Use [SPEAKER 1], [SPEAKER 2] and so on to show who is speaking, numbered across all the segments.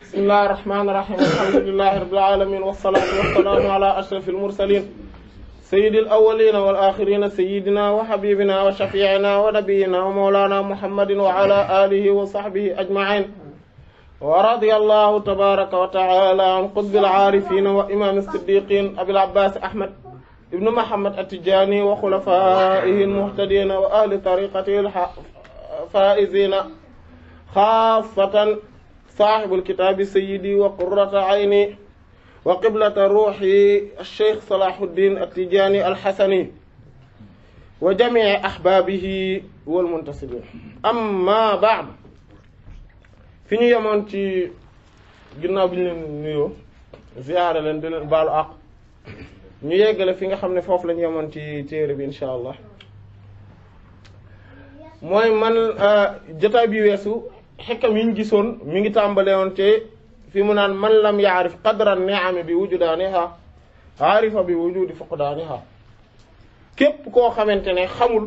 [SPEAKER 1] بسم الله الرحمن الرحيم الحمد لله رب العالمين والصلاة والسلام على أشرف المرسلين سيد الأولين والآخرين سيدنا وحبيبنا وشفيعنا ونبينا ومولانا محمد وعلى آله وصحبه أجمعين ورضي الله تبارك وتعالى عن قطب العارفين وإمام الصديقين أبي العباس أحمد ابن محمد التجاني وخلفائه المهتدين وأهل طريقته الفائزين خاصة صاحب الكتاب سيدي وقرة عيني وقبلة روحي الشيخ صلاح الدين التجاني الحسني وجميع أحبابه والمنتسبين أما بعد فيني يمانتي جنا بلين نيو زيارة لن دلن بالعق نيو يقل فيني خمني فوف لن يمانتي تيرب إن شاء الله moy man euh, jotta bi wessu xikam yi ñu gisoon mi ngi tàmbale woon ci fi mu naan man lam yaarif qadra ni'am bi wujudaaniha aarifa bi wujudi fuqdaaniha képp koo xamante ne xamul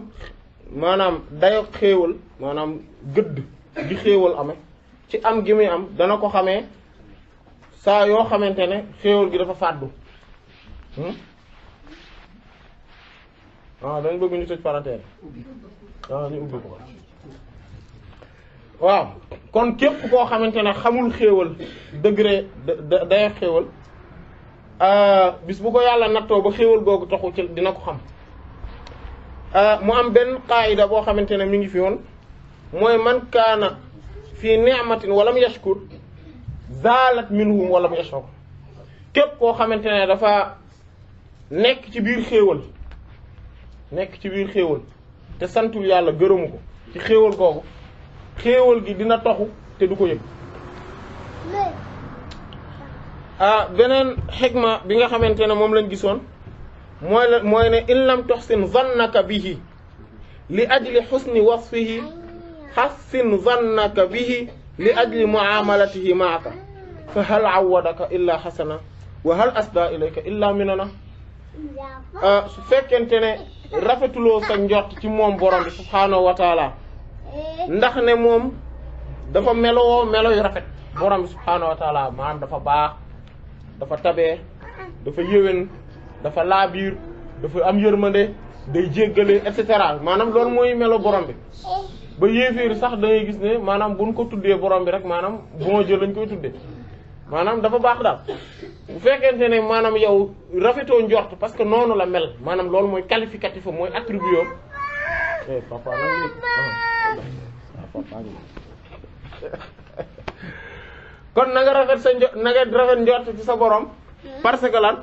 [SPEAKER 1] maanaam dayo xéewal maanaam gëdd gi xéewal amee ci am gi muy am dana ko xamee saa yoo xamante ne xéewal gi dafa fàddu waaw dañ bëgg ñu tëj parenthèse waaw ñu ubbi ko waaw kon képp koo xamantene xamul xéewal degré daya xéewal bis bu ko yàlla nattoo ba xéewal googu taxu ci dina ko xam mu am benn qaayida boo xamantene mi ngi fi woon mooy man kaana fi ni'matin wa lam yashkur zaalat minhum wa lam yashkur képp koo xamantene dafa nekk ci biir xéewal nekk ci biir xéewal te santul yàlla gërëmu ko ci xéewal googu xéewal gi dina toxu te du ko yëg ah, beneen xikma bi nga xamante ne moom lañ gisoon mooy la mooy ne in lam toxsin zannaka bihi li ajli xusni wasfihi xassin zannaka bihi li ajli muamalatihi maaka fa hal awadaka illa xasana wa hal asda ilayka illa minana ah, su fekkente ne rafetuloo sa njort ci moom borom bi subhaanahu ndax ne moom dafa melowoo melo yu rafet borom subhanahu wa taala maanaam dafa baax dafa tabee dafa yëwén dafa laabiir dafa am yërmande day jéggale et cetera maanaam loolu mooy melo borom bi ba yéeféer sax da ngay gis ne maanaam buñ ko tuddee borom bi rek maanaam bon Dieu lañ koy tuddee maanaam dafa baax daal bu fekkente ne maanaam yow rafetoo njort parce que noonu la mel maanaam loolu mooy qualificatif mooy attribut eh, papa kon na nga rafet sa njo na nga rafet njort ci sa borom hmm. parce que lan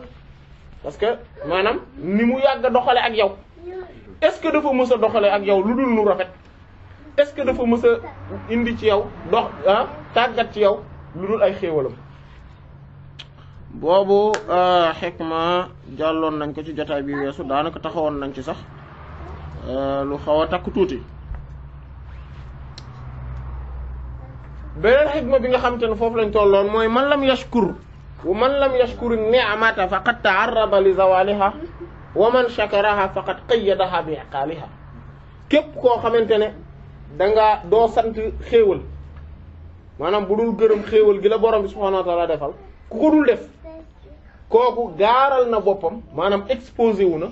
[SPEAKER 1] parce que manam ni mu yag dufu doxale ak yow est-ce que dafa mës doxale ak yow lu rafet est-ce que dafa mës indi ci yow dox ha ah, tagat ci yow lu dul ay xéewalam euh hikma jallon nañ ko ci jotaay bi wessu danaka taxawon nañ ci sax euh, lu xawa tuti benen xikma bi nga xamantene fofu lañ tolloon moy man lam yashkur wa man lam yashkur ni'amata faqad ta'arraba li zawaliha wa man shakaraha faqad qayyadaha bi iqaaliha kep ko xamantene da nga do sant xewul manam bu dul gërëm xéewal gi la borom subhanahu wa ta'ala defal ku ko dul def koku garal na bopam manam exposé wu na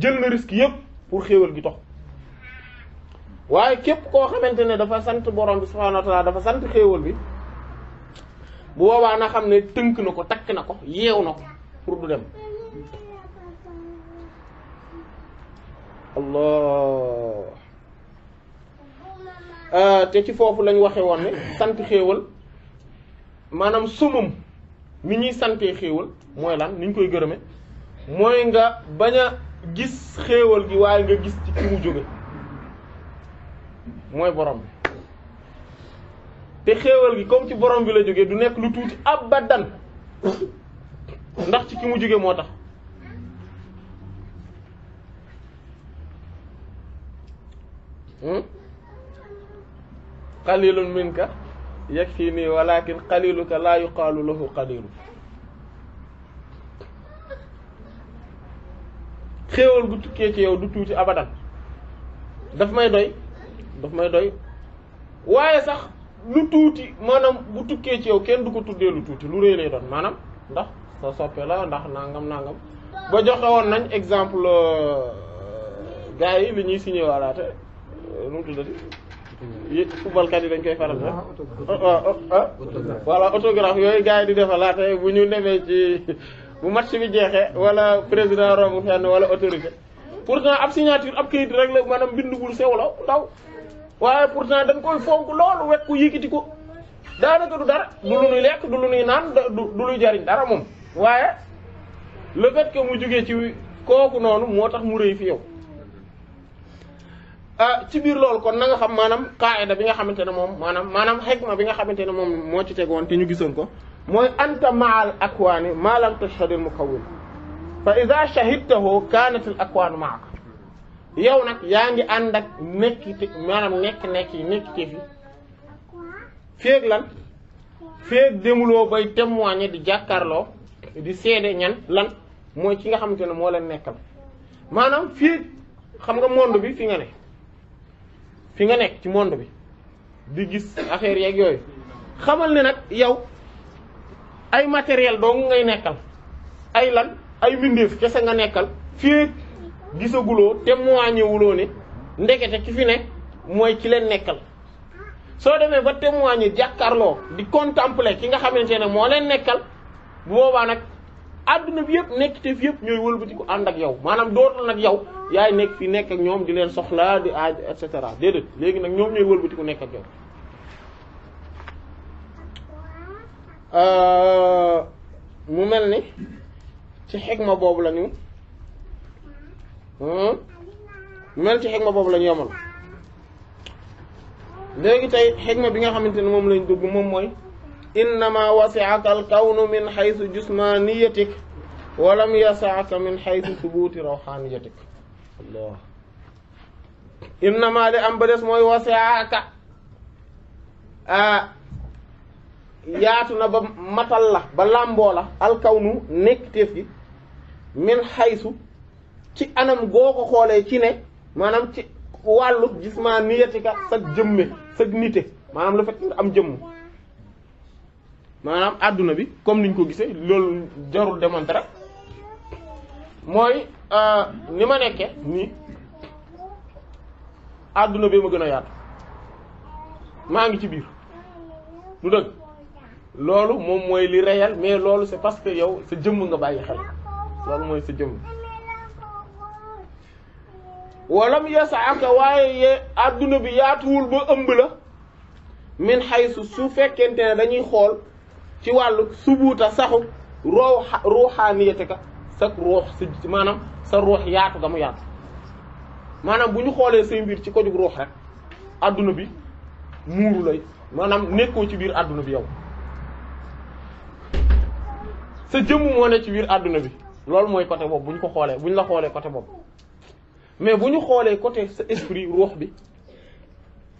[SPEAKER 1] jël na risque yep pour xewul gi tok waaye képp koo xamante ne dafa sant borom bi subhaanahu wa ta'ala dafa sant xéewal bi bu boobaa na xam ne tënk na ko takk na ko yeew na ko pour du dem allah euh, te ci foofu lañ waxe woon ne sant xéewal maanaam sumum ni ñuy santee xéewal mooy lan ni ñu koy gërëme mooy nga bañ a gis xéewal gi waaye nga gis ci ki jóge mooy borom bi te xéewal gi comme ci borom bi la jógee du nekk lu tuuti abadan ndax ci ki mu jóge moo tax hmm? qalilun minka yakfini walakin qaliluka la yuqalu lahu qalilu xéewal gu tukkee ci yow du tuuti abadan daf may doy daf may doy waaye sax lu tuuti maanaam bu tukkee ci yow kenn du ko tuddee lu tuuti lu rëy lay doon maanaam ndax sa soppe la ndax nangam nangam ba joxe woon nañ exemple euh, gars yi li ñuy signé waa euh, nu mu tuddati yi dañ koy faral di def. Ah, ah, ah. voilà autographe yooyu yi di defalaate bu ñu demee ci bu match bi jeexee wala président romb fenn wala autorité pourtant ab signature ab kayit rek la maanaam bind bul sew la ndaw. waaye pourtant dañ koy fonk loolu wekk ko yëkkati ko daanaka du dara du lu nuy lekk du lu nuy naan du luy jariñ dara moom waaye le fait mu jógee ci kooku noonu moo tax mu rëy fi yow ah, ci biir loolu kon na nga xam maanaam qaida bi nga xamante ne moom maanaam maanaam xikma bi nga xamante ne moom moo ci tegoon te ñu gisoon ko mooy anta ma'al akwaani ma lam tashhadil mukawwin fa idha shahidtahu kanat al akwaan ma'ak yow nag yaa ngi ànd ak nekkite maanaam nekk nekk yi nekkite fi féeg lan féeg demuloo bay témoigner di jàkkaarloo di seede ñan lan mooy ki nga xamante ne moo leen nekkal maanaam féeg xam nga monde bi fi nga ne fi nga nekk ci monde bi di gis affaire yeeg yooyu xamal ne nag yow ay matériel doo ngay nekkal ay lan ay mbindeef kese nga nekkal féeg gisaguloo témoigné wuloo ne ndekete ki fi ne mooy ki leen nekkal soo demee ba témoigné jàkkaarloo di contempler ki nga xamante ne moo leen nekkal bu boobaa nag àdduna bi yëpp nekkite fi yëpp ñooy wëlbati ko ànd ak yow maanaam dootul nag yow yaay nekk fi nekk ak ñoom di leen soxla di aaj et cetera déedéet léegi nag ñoom ñooy wëlbati ku nekk ak yow. Euh, mu mel ni ci ma boobu la ñu. Hmm? mel ci xegma boobu lañu ñu yemoon léegi tey xegma bi nga xamante ne moom lañ dugg moom mooy innama wasi'aka al kawnu min xaytu jusmaniyatik walam yasa'ka min xaytu subuuti rawxaaniyatik allah innama li am ba des mooy wasi'aka yaatu na ba matal la ba làmboo la al kawnu nekkiteef gi min xaytu ci anam goo ko xoolee ci ne maanaam ci wàllu gis maa niyatika sag jëmme sag nite maanaam la fekk am jëmm maanaam àdduna bi comme niñ ko gisee loolu jarul démontrer mooy euh, ni ma nekke nii àdduna bi ma gën a yaatu maa ngi ci biir lu dëgg loolu moom mooy li réel mais loolu c'est parce que yow sa jëmm nga bàyyi xel loolu mooy sa jëmm walam yasaaka waaye ye àdduna bi yaatuwul ba ëmb la min xaysu su fekkente ne dañuy xool ci wàllu subuuta saxu roow ruuxaaniyate ka sa ruux si maanaam sa ruux yaatu ga mu yaatu maanaam bu ñu xoolee say mbir ci ko jug ruux rek adduna bi muuru lay maanaam nekkoo ci biir àdduna bi yow sa jëmm moo ne ci biir àdduna bi loolu mooy côté boobu bu ñu ko xoolee bu ñu la xoolee côté boobu mais bu ñu xoolee côté sa esprit ruux bi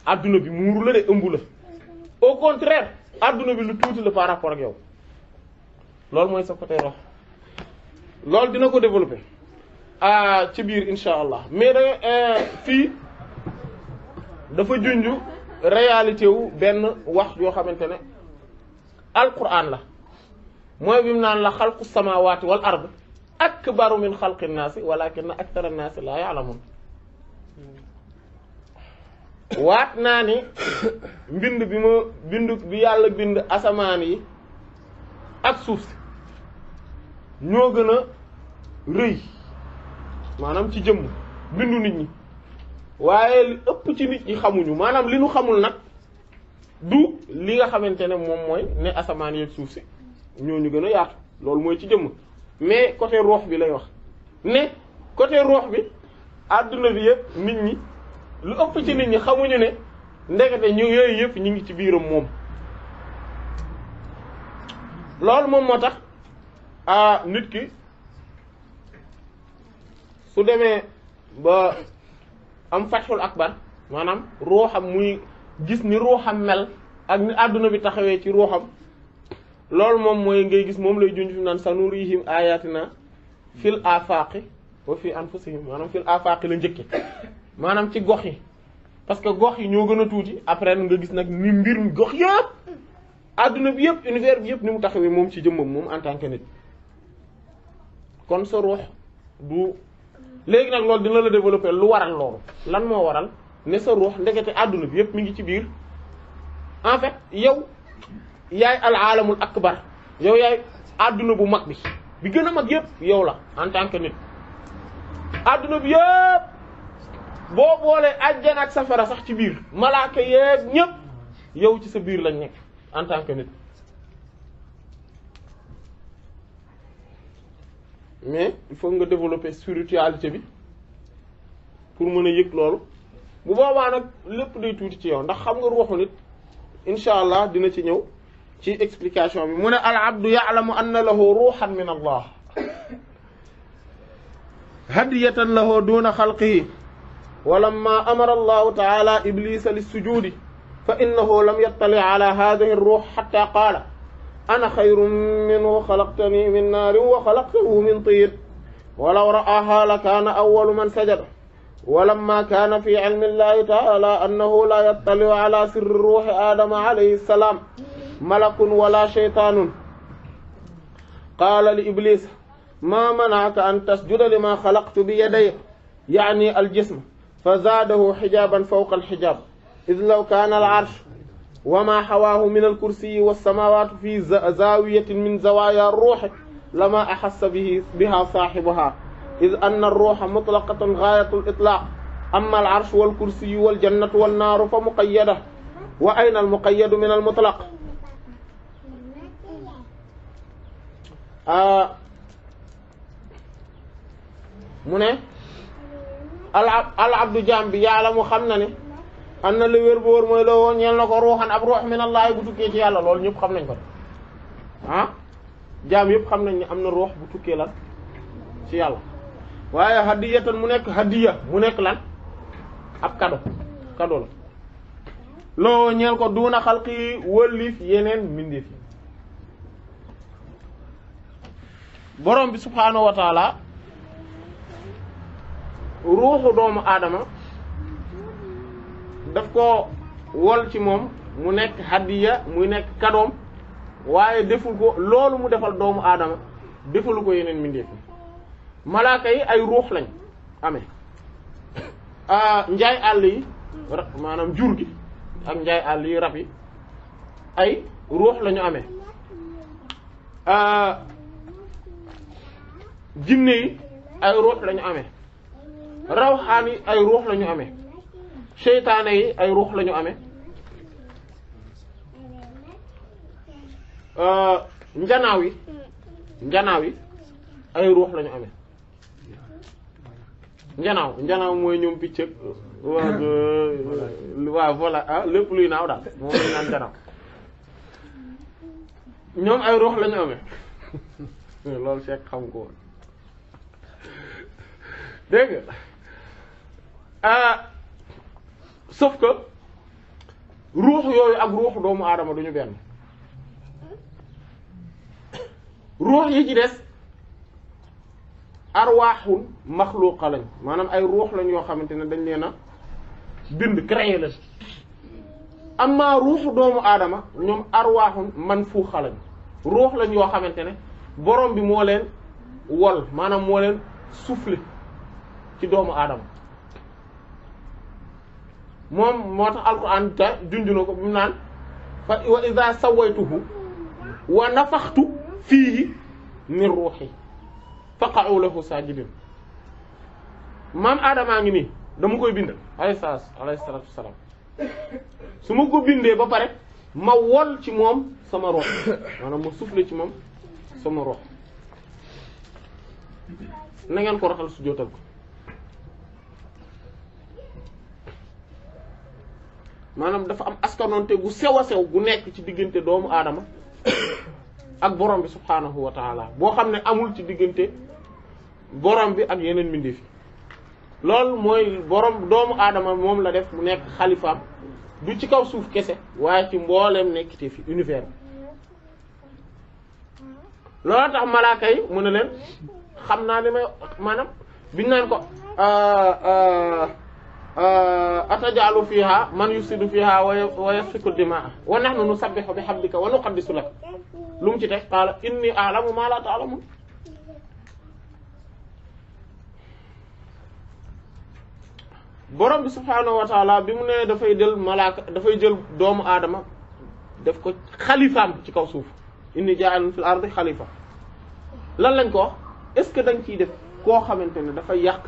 [SPEAKER 1] adduna bi muur la de ëmb la au contraire adduna bi lu tuuti la par rapport ak yow loolu mooy sa côté ruux loolu dina ko développer ah ci biir insha allah mais euh, fii dafa junj réalité wu benn wax yoo xamante ne alquran la mooy bi mu naan la xalqu samawati wal ard akbaru min xalqi nnaasi walakinna ak nnaasi laa ya'lamuun waat naa ni mbind bi ma bind bi yàlla bind asamaan yi ak suuf si ñoo gën a rëy maanaam ci jëmm bindu nit ñi waaye ëpp ci nit ñi xamuñu maanaam li ñu xamul nag du li nga xamante ne moom mooy ne asamaan yi ak suuf si ñoo ñu gën a yaatu loolu mooy ci jëmm mais côté roox bi lay wax ne côté roox bi àdduna bi yëpp nit ñi lu ëpp ci nit ñi xamuñu ne ndekete ñu yooyu yëpp ñu ngi ci biiram moom loolu moom moo tax a nit ki su demee ba am fatxul akbar maanaam ruuxam muy gis ni ruuxam mel ak ni àdduna bi taxawee ci ruuxam loolu moom mooy ngay gis moom lay junj fi mu naan sanurihim ayatina fil afaqi wa fi anfusihim maanaam fil afaqi la njëkke maanaam ci gox yi parce que gox yi ñoo gën a tuuti après nga gis nag ni mbir mi gox yëpp adduna bi yëpp univers bi yëpp ni mu taxawee moom ci jëmmam moom en tant nit kon sa ruux du léegi nag loolu dina la développer lu waral loolu lan moo waral ne sa ruux ndekete adduna bi yëpp mi ngi ci biir en fait yow yaay al aalamul akbar yow yaay àdduna bu mag bi bi gën a mag yëpp yow la en tant que nit adduna bi yëpp boo boolee ajjana ak safara sax ci biir malaake yeeg ñëpp yow ci sa biir lañ nekk en tant que nit mais il faut nga développer spiritualité bi pour mën a yëg loolu bu boobaa nag lépp day tuuti ci yow ndax xam nga ruuxu nit incha allah dina ci ñëw ci explication bi mu ne al abdu ya'lamu anna lahu ruuhan min allah hadiyatan lahu duna xalqihi wa lamma amara allahu taala iblisa lissujudi fa innahu lam yattali ala hadihi arruux xatta qaala ana xayrun minhu xalaqtani min naarin wa xalaqtahu min tiin walaw ra'aha la kaana awwalu man sajada ولما كان في علم الله تعالى أنه لا يطلع على سر روح آدم عليه السلام ملك ولا شيطان قال لابليس ما منعك ان تسجد لما خلقت بيدي يعني الجسم فزاده حجابا فوق الحجاب اذ لو كان العرش وما حواه من الكرسي والسماوات في زاويه من زوايا الروح لما احس به بها صاحبها اذ ان الروح مطلقه غايه الاطلاق اما العرش والكرسي والجنه والنار فمقيده واين المقيد من المطلق Ah. mune al abdu jambi bi ya'lamu xam na ne am na lu wér bu wóor mooy loo woon ñeel na ab ruh min allah bu tukke ci yalla lol ñep xam nañ ko ha ah. jam yep xam nañ ne am bu tukke lan ci yalla hadiyatan mu nek hadiya mu nek lan ab kado kado la loo ko duna khalqi wëllif yenen borom bi subhaanahu wa taala ruuxu doomu aadama daf ko wol ci moom mu nekk hadiya muy nekk kadoom waaye deful ko loolu mu defal doomu aadama defalu ko yeneen mbindeef yi malaaka yi ay ruux lañ amee ah, njaay àll yi maanaam jur gi ak njaay àll yi rab yi ay ruux lañu ame ah, jinne yi ay ruux la ñu amee rawxaan yi ay ruux la ñu amee seytaane yi ay ruux la ñu amee euh, njanaaw yi njanaaw yi ay ruux la ñu amee njanaaw njanaaw mooy ñoom picc waaw waaw euh, voilà ah lépp luy naaw daal moom lañ naan njanaaw ñoom ay ruux la ñu amee loolu fekk xam ko dégg nga ah sauf que ruux yooyu ak ruux doomu aadama duñu benn ruux yi ci des arwaaxul makhluqa lañ maanaam ay ruux lañ yoo xamante ne dañ leen a bind créé la amma ruuxu doomu aadama ñoom arwaaxul man fuuxa lañ ruux lañ yoo xamante ne borom bi moo leen wol maanaam moo leen soufflé ci doomu adam mom motax alquran ta junjuna ko bi nan fa wa idha sawaituhu wa nafakhtu fihi min ruhi faqa'u lahu sajidin maam adam ngi ni dama koy bind alayhi salatu wassalam su ko bindee ba pare ma wol ci mom sama roh, manam ma soufflé ci mom sama roh. na ngeen ko raxal su ko maanaam dafa am askanonte gu sew a sew gu nekk ci diggante doomu aadama ak borom bi subhaanahu wa taala boo xam ne amul ci diggante boroom bi ak yeneen mbindeef yi loolu mooy boroom doomu aadama moom la def mu nekk xalifaam du ci kaw suuf kese waaye ci mbooleem nekkite fi univers loolu tax malaaka yi mu ne leen xam naa li may maanaam biñ ko euh, euh, atajalu fiha man yufsidu fiha wa yasfiku dimaa wa nahnu nusabbihu bihamdika wa nuqaddisu lak lu mu ci teg qaala inni a'lamu ma la ta'lamun borom bi subhaanahu wa taala bi mu ne dafay jël malaaka dafay jël doomu aadama def ko xalifaam ci kaw suuf inni ja'alun fil ardi xalifa lan lañ ko est-ce que dañ ciy def koo xamante ne dafay yàq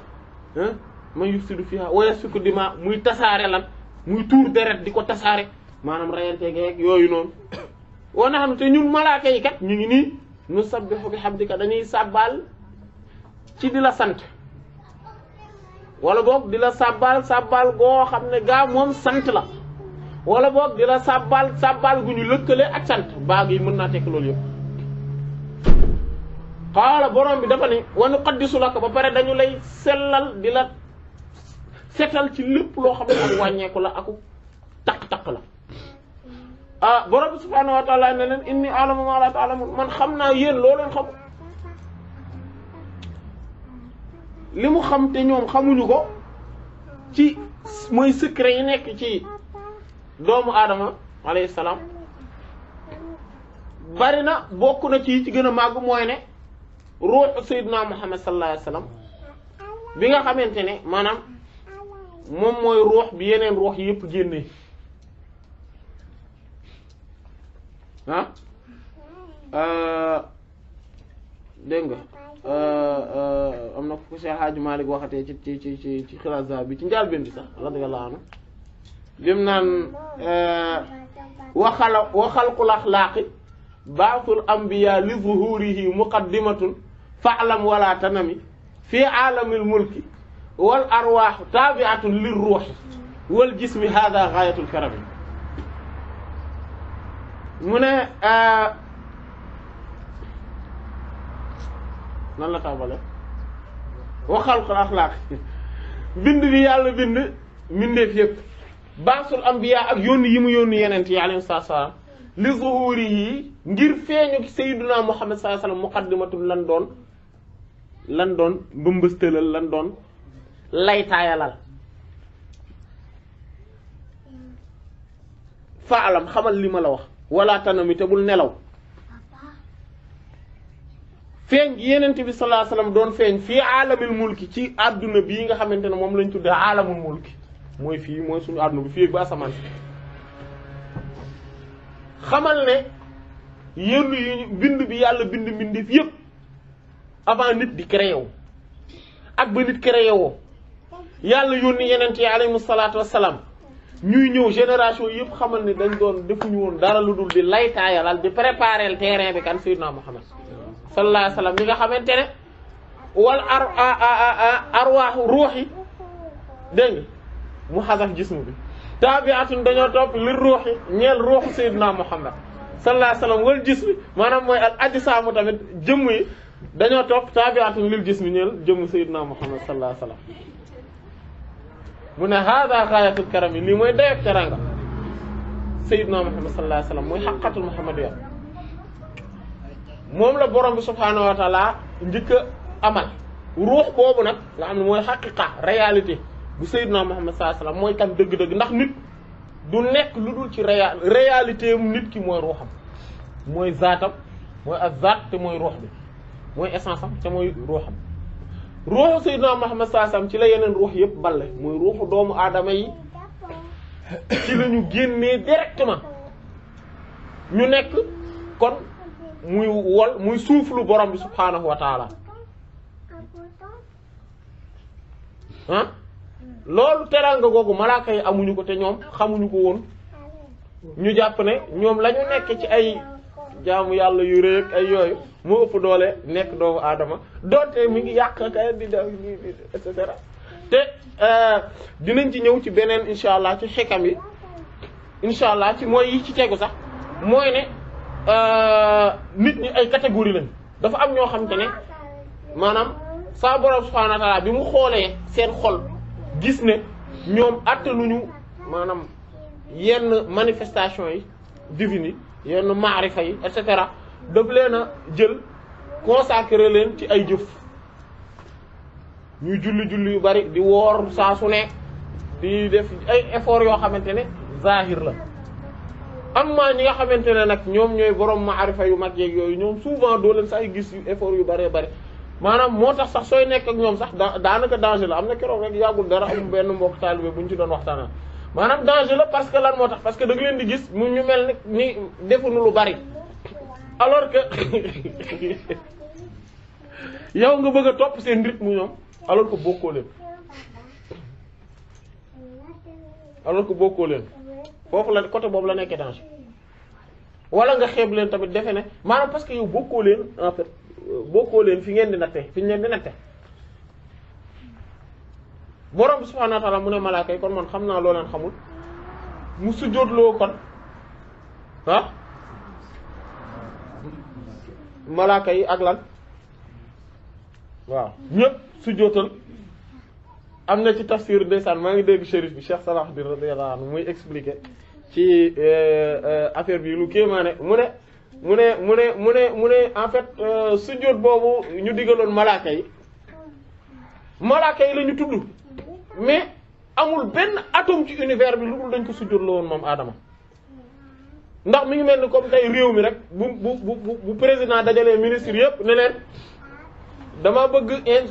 [SPEAKER 1] man yufsidu fiha wa yasfiku dima muy tasare lan muy tour deret di tasare manam maanaam rayante geeg yoyu non wa nahnu te ñun malaaka yi kat ñu ngi ni nu sabbihu bihamdika dañuy sabbal ci dila sante sant wala bok dila sabbal sabbal go xamne ga mom sante sant la wala bok dila sabbal sabbal guñu gu ak sante baag yi mën naa tekk loolu yëpp xaala borom bi dafa ni wa nuqaddisu lak ba pare dañu lay selal dila setal ci lépp loo xam ne ak la aku takk-takk la ah borom bi subhaanahu wa taala ne leen inni alamu ma la man xam naa yéen loo leen xam li mu xam te ñoom xamuñu ko ci mooy secret yi nekk ci doomu aadama alayhi salaam bari na bokk na ci ci gën a màgg mooy ne ruuxu sayyidina muhammad sallallahu alayhi wa sallam bi nga xamante ne maanaam moom mooy ruux bi yeneen ruux yépp génnee ah euh, dégg nga euh, euh, am na ku Cheikh Hadji Malick waxatee ci ci ci ci ci xilasa bi ci njëlbéen bi sax radiyallahu anhu lim naan waxala wa xalqul axlaaqi baatul ambiya li zuhurihi muqaddimatun fa'lam wala tanami fi alamil mulki والارواح تابعه للروح والجسم هذا غايه الكرم من ا نلا تابله وخلق الاخلاق بند بي يالا بند منديف ييب باص الانبياء اك يوني يمو يوني يننت يالا نصا لظهوره غير فينو سيدنا محمد صلى الله عليه وسلم مقدمه لندن لندن بمبستل لندن laytaayalal faalam xamal li ma la wax wala tanami te bul nelaw feeñ gi bi sallallahu alayhi wasallam doon feeñ fii aalamil mulki ci àdduna bii nga xamante ne moom lañ tuddee aalamul mulki mooy fii mooy suñu àdduna bi fii ba asamaan bi yàlla bind mbindeef yépp avant di créé wu ak ba nit créé woo yàlla yónni yenent yi alayhimu salaatu salaam ñuy ñëw génération yëpp xamal ne dañ doon defuñu woon dara lu dul di laytaayalal di préparer le terrain bi kan sayyidina Muhammad sallallahu alayhi wasallam li nga xamante ne wal ar arwaaxu ruux yi dégg nga mu xasaf jismu bi taabiatun dañoo topp li ruux yi ñeel ruuxu sayyidina Muhammad sallallahu alayhi wasallam wal jismi maanaam mooy al ajsaamu tamit jëmm yi dañoo topp taabiatun lil jismi ñeel jëmm sayyidina Muhammad sallallahu alayhi wasallam mu ne hada xaayatul karami lii mooy dayok teranga sayyidna muhammad sallallahu alayhi wa sallam mooy xaqatul muhammad ya moom la borom bi subhaanahu wa taala njëkk a amal ruux boobu nag nga xam ne mooy xaqiqa réalité bu sayyidna muhammad sallallahu alayhi wa sallam mooy kan dëgg-dëgg ndax nit du nekk lu dul ci réa réalité am nit ki mooy ruuxam mooy zaatam mooy azzaat te mooy ruux bi mooy essence am te mooy ruuxam ruuxu Seydina Muhammad saasam ci la yeneen ruux yëpp balle muy ruuxu doomu aadama yi ci la ñu génnee directement ñu nekk kon muy wol muy suuflu borom bi subhaanahu wa loolu teraanga googu malaaka yi amuñu ko te ñoom xamuñu ko woon ñu jàpp ne ñoom lañu ñu nekk ci ay jaamu yàlla yu rëy ak ay yooyu moo ëpp doole nekk doomu aadama donte mi ngi yàq kay di def et cetera euh, ci ñëw ci beneen incha allah ci xekam yi incha allah ci mooy ci tegu sax mooy ne euh, nit ñi ay catégorie lañ dafa am ñoo xam ne maanaam sa borom subhaanahu wa ta'aala bi mu xoolee seen xol gis ne ñoom attanuñu maanaam yenn manifestation yi divines yi yenn maarifa yi et cetera daf leen a jël consacré leen ci ay jëf ñu julli julli yu bari di woor saa su ne di def ay effort yoo xamante ne zahir la amma ñi nga xamante ne nag ñoom ñooy borom maarifa yu mag yeeg yooyu ñoom souvent doo leen sax ay gis yu effort yu bare bëri maanaam moo tax sax sooy nekk ak ñoom sax daanaka danger la am na keroog rek yàggul dara am benn mbokk taalibe bu ñu ci doon waxtaanal. maanaam danger la parce que lan moo tax parce que leen di gis mu ñu mel ni defuñu lu bari alors que yow nga bëgg a topp seen mu ñoom alors que bokkoo leen alors que bokkoo leen foofu la côté boobu la nekkee danger wala nga xeeb leen tamit defe ne maanaam parce que yow bokkoo leen en fait bokkoo leen fi ngeen di natte fi ñu leen di natte borom bi subhaanahu wa mu ne malaaka yi kon man xam naa loo leen xamul mu sujjóotloo kon ah malaaka yi ak lan waaw ñëpp sujjóotal am na ci tafsir ndeysaan maa ngi dégg shérif bi Cheikh Salah Din radiyallahu anhu muy expliquer ci euh, euh, affaire bi lu kéemaane mu ne mu ne mu ne mu ne mu ne en fait euh, sujjóot boobu ñu digaloon malaaka yi malaaka yi la tudd mais amul benn atome ci univers bi lu dul dañ ko sujjurloo woon moom Adama ndax mi ngi mel ni comme tey réew mi rek bu bu bu bu président dajalee ministre yëpp ne leen dama bëgg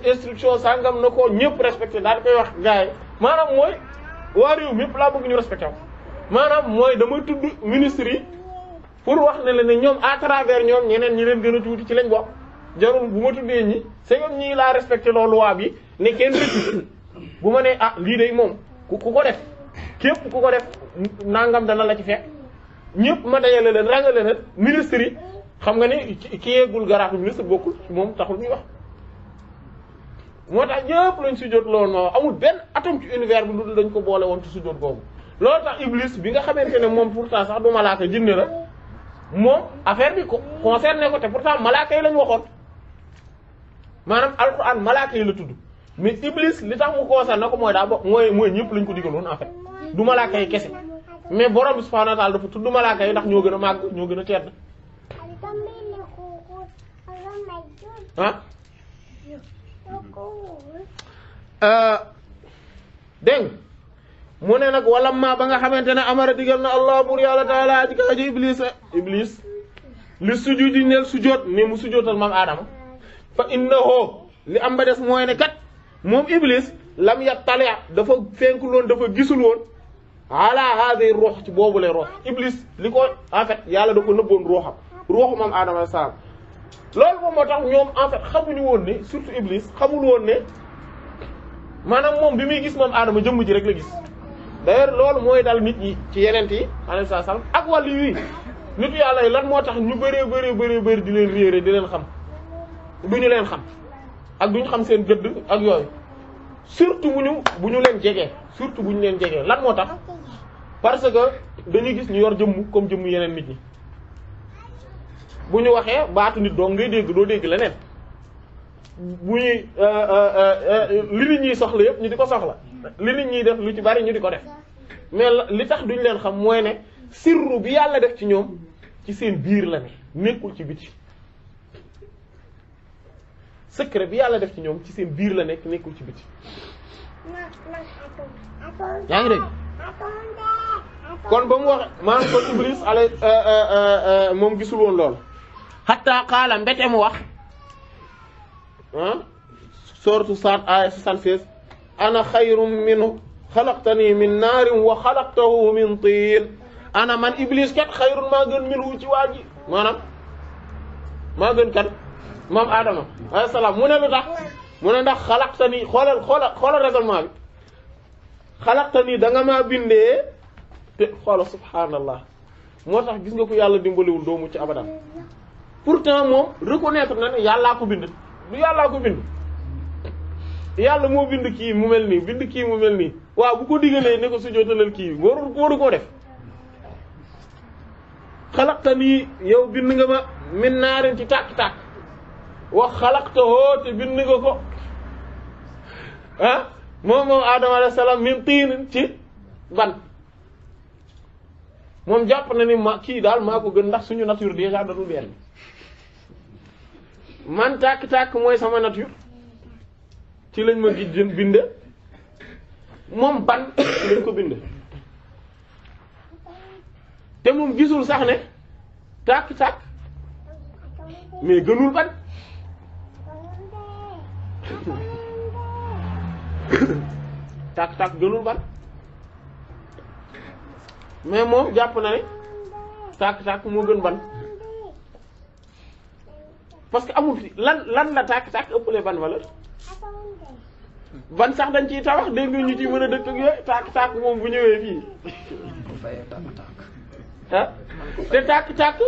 [SPEAKER 1] instruction sangam na ko ñëpp respecté daal di koy wax gars yi maanaam mooy waa réew mi yëpp laa bëgg ñu respecté ko maanaam mooy dama tudd ministre yi pour wax ne la ne ñoom à travers ñoom ñeneen ñi leen gën a tuuti ci lañ bokk jarul bu ma tuddee ñi c'est ñi laa respecté loolu bi ne bu ma nee ah lii day moom ku ku ko def képp ku ko def nangam dana la ci fekk ñëpp ma dajale leen rangale leen ministre yi xam nga ni ki yeegul garaatu ministre bokkul ci moom taxul ñuy wax moo tax ñëpp lañ si jot loolu ma amul benn atome ci univers bi lu dañ ko boole woon ci sujjóot boobu loolu tax iblis bi nga xamante ne moom pourtant sax du malaaka jinne la moom affaire bi ko concerné ko te pourtant malaaka yi lañ waxoon maanaam alquran malaaka yi la tudd mais iblis li tax mu concerné ko mooy daa bokk moy mooy ñëpp lañ ko digal won en fait du malaaka yi kese mais borom subhanahu wa ta'ala dafa tudd malaaka yi ndax ño gëna mag ño gëna tedd ah dégg mu ne nak wala ma ba nga xamantene amara digal na allah bur ya taala aji ka iblis iblis li sujudi neel sujot ne mu sujotal mam adam fa innahu li am ba des moy ne kat moom iblis lam ya tali dafa fenkul woon dafa gisul woon ala haadi ruux ci boobu lay ruux iblis li ko en fait yàlla da ko nëbboon ruuxam ruuxu maam Adama alayhi salaam loolu moom moo tax ñoom en fait xamuñu woon ne surtout iblis xamul woon ne maanaam moom bi muy gis moom Adama jëmm ji rek la gis d'ailleurs loolu mooy dal nit ñi ci yeneen yi alayhi salaam ak wàllu yi nitu yàlla yi lan moo tax ñu bëree bëree bëree bëri di leen réere di leen xam du ñu leen xam. ak ñu xam seen gëdd ak yooyu surtout bu ñu bu ñu leen jegee surtout bu ñu leen jegee lan moo tax parce que dañuy gis ñu yor jëmm comme jëmm yeneen nit ñi bu ñu waxee baatu nit doo ngay dégg doo dégg leneen bu ñuy euh, euh, euh, li nit ñiy soxla yëpp ñu di ko soxla li nit ñiy def lu ci bari ñu di ko def mais li tax duñ leen xam mooy ne sirru bi yàlla def ci ñoom ci seen biir la ne nekkul ci biti secret bi yàlla def ci ñoom ci seen biir la nekk nekkul ci biti
[SPEAKER 2] yaa ngi kon ba mu wax
[SPEAKER 1] maanaam kon Iblis alay euh, euh, euh, moom gisul woon lool xataa xaala mbete mu wax sooratu saat aaya soixante-seize ana xayrum minhu xalaqtani min naarin wa xalaqtahu min tiin ana man Iblis kat xayrun maa gën minhu ci waa ji maanaam maa gën kat maam Adama alayhi salaam mu ne lu tax mu ne ndax xalaqta nii xoolal xoolal xoolal raisonnement bi xalaqta nii da nga maa bindee te xoolal subhaanallah moo tax gis nga ko yàlla dimbaliwul doo mucc abadan pourtant moom reconnaître na ne yàllaa ko bind du yàllaa ko bind yàlla moo bind kii mu mel nii bind kii mu mel nii waaw bu ko diggalee ne ko sujjóotalal kii bi waru waru koo def xalaqta nii yow bind nga ma min naarin ci tàkk-tàkk wax xalaqtahoo te bind nga ko ah moom moom Adama salaam min tiin ci ban moom jàpp na ni ma kii daal maa ko gën ndax suñu nature déjà da du benn man tàkk-tàkk mooy sama nature ci lañ ma gij bind moom ban lañ ko bind te moom gisul sax ne tàkk-tàkk mais gënul ban tàkk tàkk gënul ban mais moom jàpp na ne tàkk tàkk moo gën ban parce que amul lan lan la tàkk tàkk ëppale ban valeur ban sax dañ ciy tabax dégg ñu ciy mën a dëkk ak yooyu tàkk tàkk moom bu ñëwee fii te tàkk tàkk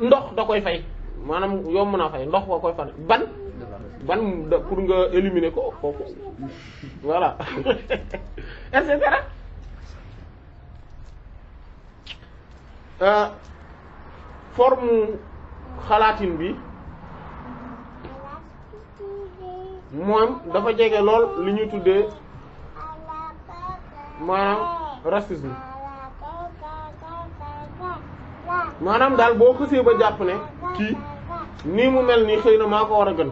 [SPEAKER 1] ndox da koy fay maanaam yomb naa fay ndox wa koy fan ban. ban pour nga éliminer ko kooku voilà et cetera euh, forme xalaatin bi moom dafa jege lool li ñuy tuddee maanaam racisme maanaam daal boo xësee ba jàpp ne kii nii mu mel ni xëy na maa ko war a gën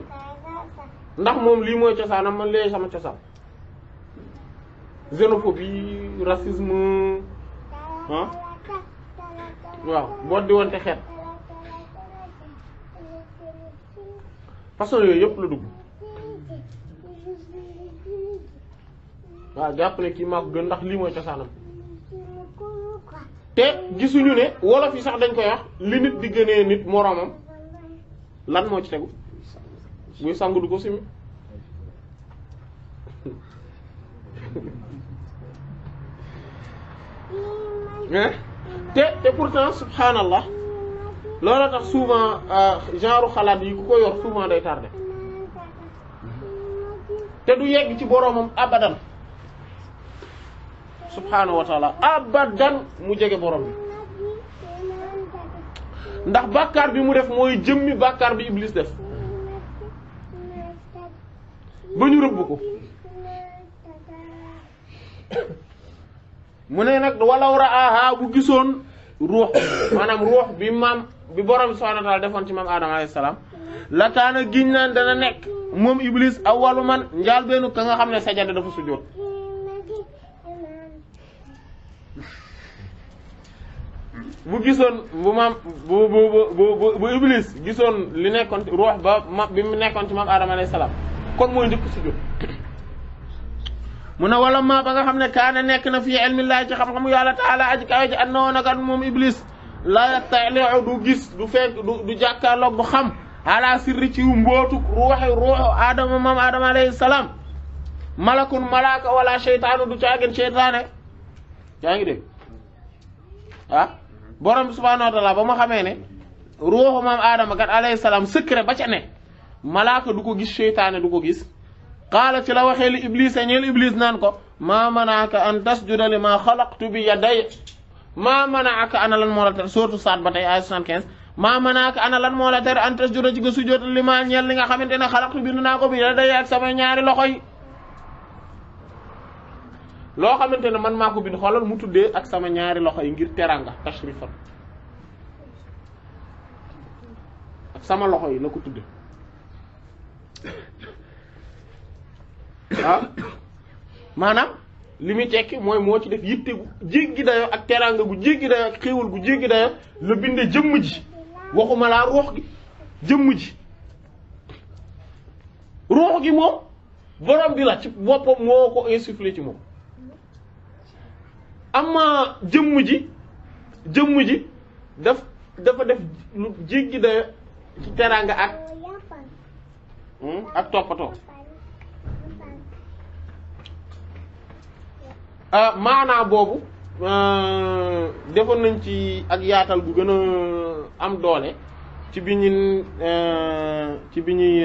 [SPEAKER 1] ndax mom li moy cosaanam man lay sama cosaan xénophobie racisme hein waaw bo di wonte xet façon yoyep la dugg waaw japp ne ki maa ko gën ndax li moy cosaanam té gisunu né wolof yi sax dañ koy wax li nit di gëné nit moromam lan mo ci tegu buy sangu du ko simi eh? te te pourtant subhanallah loola tax souvent euh, genre xalaat yi ku ko yor souvent day tardé te du yegg ci boroomam abadan subhanahu wa taala abadan mu jege borom bi ndax bàkkaar bi mu def mooy jëmmi bàkkaar bi iblis def bañu ñu rëbb ko mu ne nag walaw ra'aha bu gisoon ruux manam ruux bi mam bi borom subhanahu wa taala defoon ci mam adam alayhi salam la lataana giñ naan dana nekk moom iblis awwalu man njaal benu ka nga xam ne sajada dafa sujjóot bu gisoon bu mam bu bu bu bu iblis gisoon li nekkoon ruux ba bi mu nekkoon ci mam adam alayhi salam kon moy ndik sujjóot mu wala ma ba nga xamne ne kaana nekk na ilmi ilmillaahi ci xam-xamu yalla taala aji kawe ji anno nak mom iblis la ta'li'u du gis du fek du jakarlo bu xam ala sirri ci mbootu ruhi ruhu Adam, mom adam alayhi salam malakun malaka wala shaytan du caagin seytaane yaa de ah borom subhanahu wa taala ba ma xamee ruhu mom adam kat alayhi salam secret ba ca ne malaaka du ko gis seytaane du ko gis qaala ci la waxee li iblis ñeel iblis naan ko maa manaaka an tasjuda li maa xalaqtu bi yaday maa manaaka ana lan moo la tere surtout saat ba tey ay 75 maa manaaka ana lan moo la tere an tasjuda ci nga sujjóot li maa ñeel li nga xamante ne xalaqtu bind naa ko bi yaday ak sama ñaari loxo yi loo xamante ne man maa ko bind xoolal mu tuddee ak sama ñaari loxo yi ngir teranga tashrifan ak sama loxo yi la ko tuddee ah maanaam li muy tekki mooy moo ci def yitte gu jéggi dayoo ak teraanga gu jéggi dayoo ak xéewal gu jéggi dayoo la bindee jëmm ji waxuma laa ruux gi jëmm ji ruux gi moom borom bi la ci boppam moo ko insufflé ci moom amma jëmm ji jëmm ji daf dafa def lu jéggi dayoo ci teraanga ak Hmm? ak toppatoo ah, maanaa boobu ah, defoon nañ ci ak yaatal bu gën a am doole ci bi ñuy ah, ci bi ñuy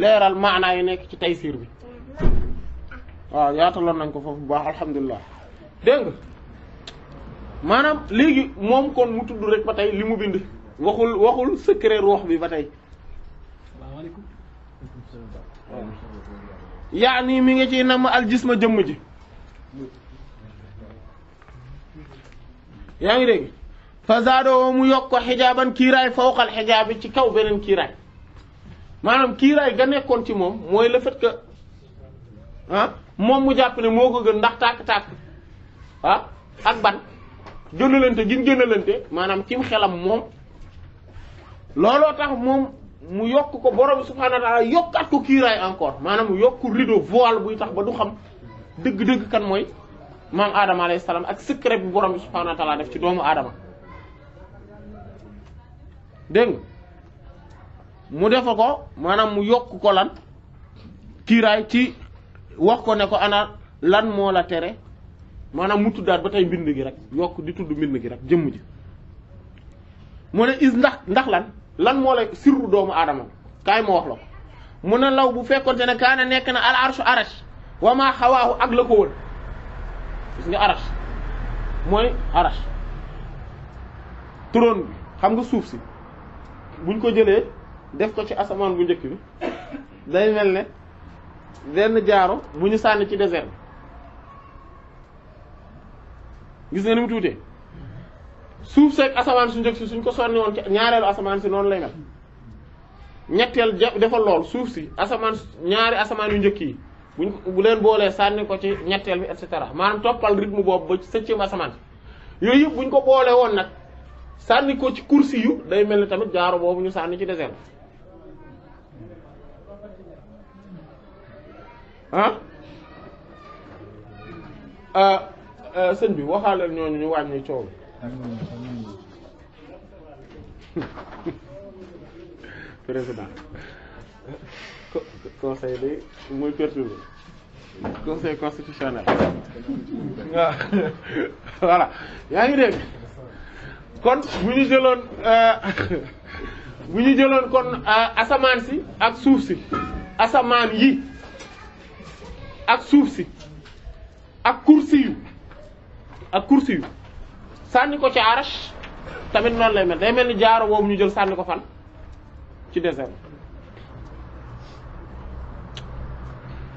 [SPEAKER 1] leeral maanaa yu nekk ci taysiir bi waaw yaataloon nañ ko foofu bu baax alhamdulilah dégg nga maanaam léegi moom kon mu tudd rek ba tey li mu bind waxul waxul secret ruux bi ba tey
[SPEAKER 2] salaamaaleykum
[SPEAKER 1] yaa nii mi ngi ciy nam aljisma jëmm ji yaa ngi dégg fa mu yokk ko xijaaban kiiraay fawqal xijaab bi ci kaw beneen kiiraay maanaam kiiraay ga nekkoon ci moom mooy le fait que ah, moom mu jàpp ne moo ko gën ndax tàkk-tàkk ah, ak ban jëndalante gin jëndalante maanaam cim xelam moom looloo tax moom mu yok ko borom subhanahu wa ta'ala yokkaat ko kiray encore manam mu yokk rido voile buy tax ba du xam deug deug kan moy mam adam alayhi salam ak secret bu borom subhanahu wa ta'ala def ci doomu adam deng mu defa ko maanaam mu yok ko lan kiray ci wax ko ne ko ana lan mo la tere manam mu tuddat batay tey gi rek yok di tuddu gi rek jëm ji mo ne is ndax ndax lan lan moo lay sirru doomu aadama kaay ma wax la ko mu ne law bu fekkoonte ne kaana nekk na al arshu arash wa maa xawaahu ak la ko wër gis nga arash mooy arash trône bi xam nga suuf si buñ ko jëlee def ko ci asamaan bu njëkk bi day mel ne benn jaaro bu ñu sànni ci désert bi gis nga ni mu tuutee suuf seeg asamaan su njëkk si suñ ko sonni woon ci ñaareelu asamaan si noonu lay mel ñetteel defal lool suuf si asamaan ñaari asamaan yu njëkk yi buñ bu leen boolee sànni ko ci ñetteel bi et cetera maanaam toppal rythme boobu ba septième asamaan si yooyu yëpp buñ ko boolee woon nag sànni ko ci kursi yu day mel ni tamit jaaro boobu ñu sànni ci désert ah? Ah, ah sëñ bi waxaaleel ñooñu ñu wàññi coow président conseil day mooy perturbé conseil constitutionnel waaw ah. voilà yaa ngi dégg kon bu ñu jëloon euh, bu ñu jëloon kon euh, asamaan si ak suuf si asamaan yi ak suuf si ak kursi yu ak kursi yu sànni ko ci arash tamit noonu lay mel day mel ni jaaro boobu ñu jël sànni ko fan ci désert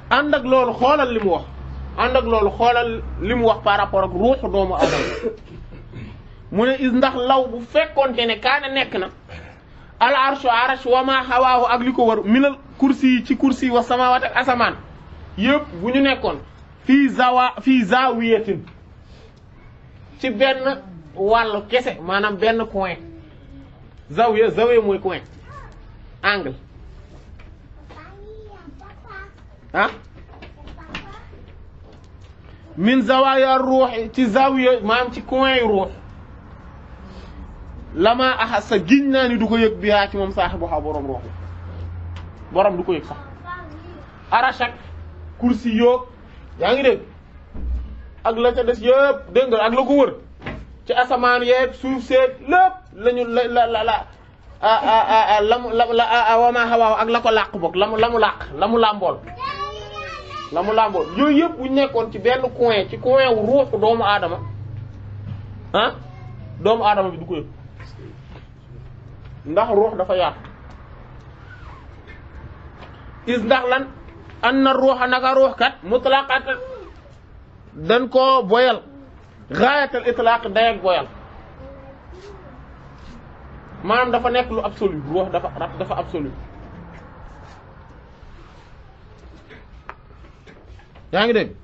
[SPEAKER 1] ànd loolu xoolal li mu wax ànd loolu xoolal li mu wax par rapport ak ruuxu doomu aadama mu ne is ndax law bu te ne kaana nekk na al arshu arash wa ma hawaahu ak li ko war minal kursi ci kursi yi wa samawat ak asamaan yëpp bu ñu nekkoon fii zawa fii zawiyatin ci benn wàllu kese maanaam benn coin zawiya zawiya mooy coin angle ah min zawaaya ruuxi ci zawiya maanaam ci coin yu ruux lama axa sa giñ naa ni du ko yëg bihaa ci moom saaxibu xaw borom ruux borom du ko yëg sax arashak kursi yoog yaa ngi ak la ca des yëpp dégg nga ak la ko wër ci asamaan yeeg suuf seeg lépp lañu la la la la a la mu la la wama xawaaw ak la ko làq boog la mu la mu làq la mu làmbool la mu làmbool yooyu yëpp bu nekkoon ci benn coin ci coin wu ruuxu doomu aadama ah doomu aadama bi du ko yëg ndax ruux dafa yaatu is ndax lan an na ruuxa naka ruux kat mutlaqatan dañ koo boyal gaayatal itlaq day ak dafa nekk lu absolu ruux dafa dafa absolu yaa ngi dégg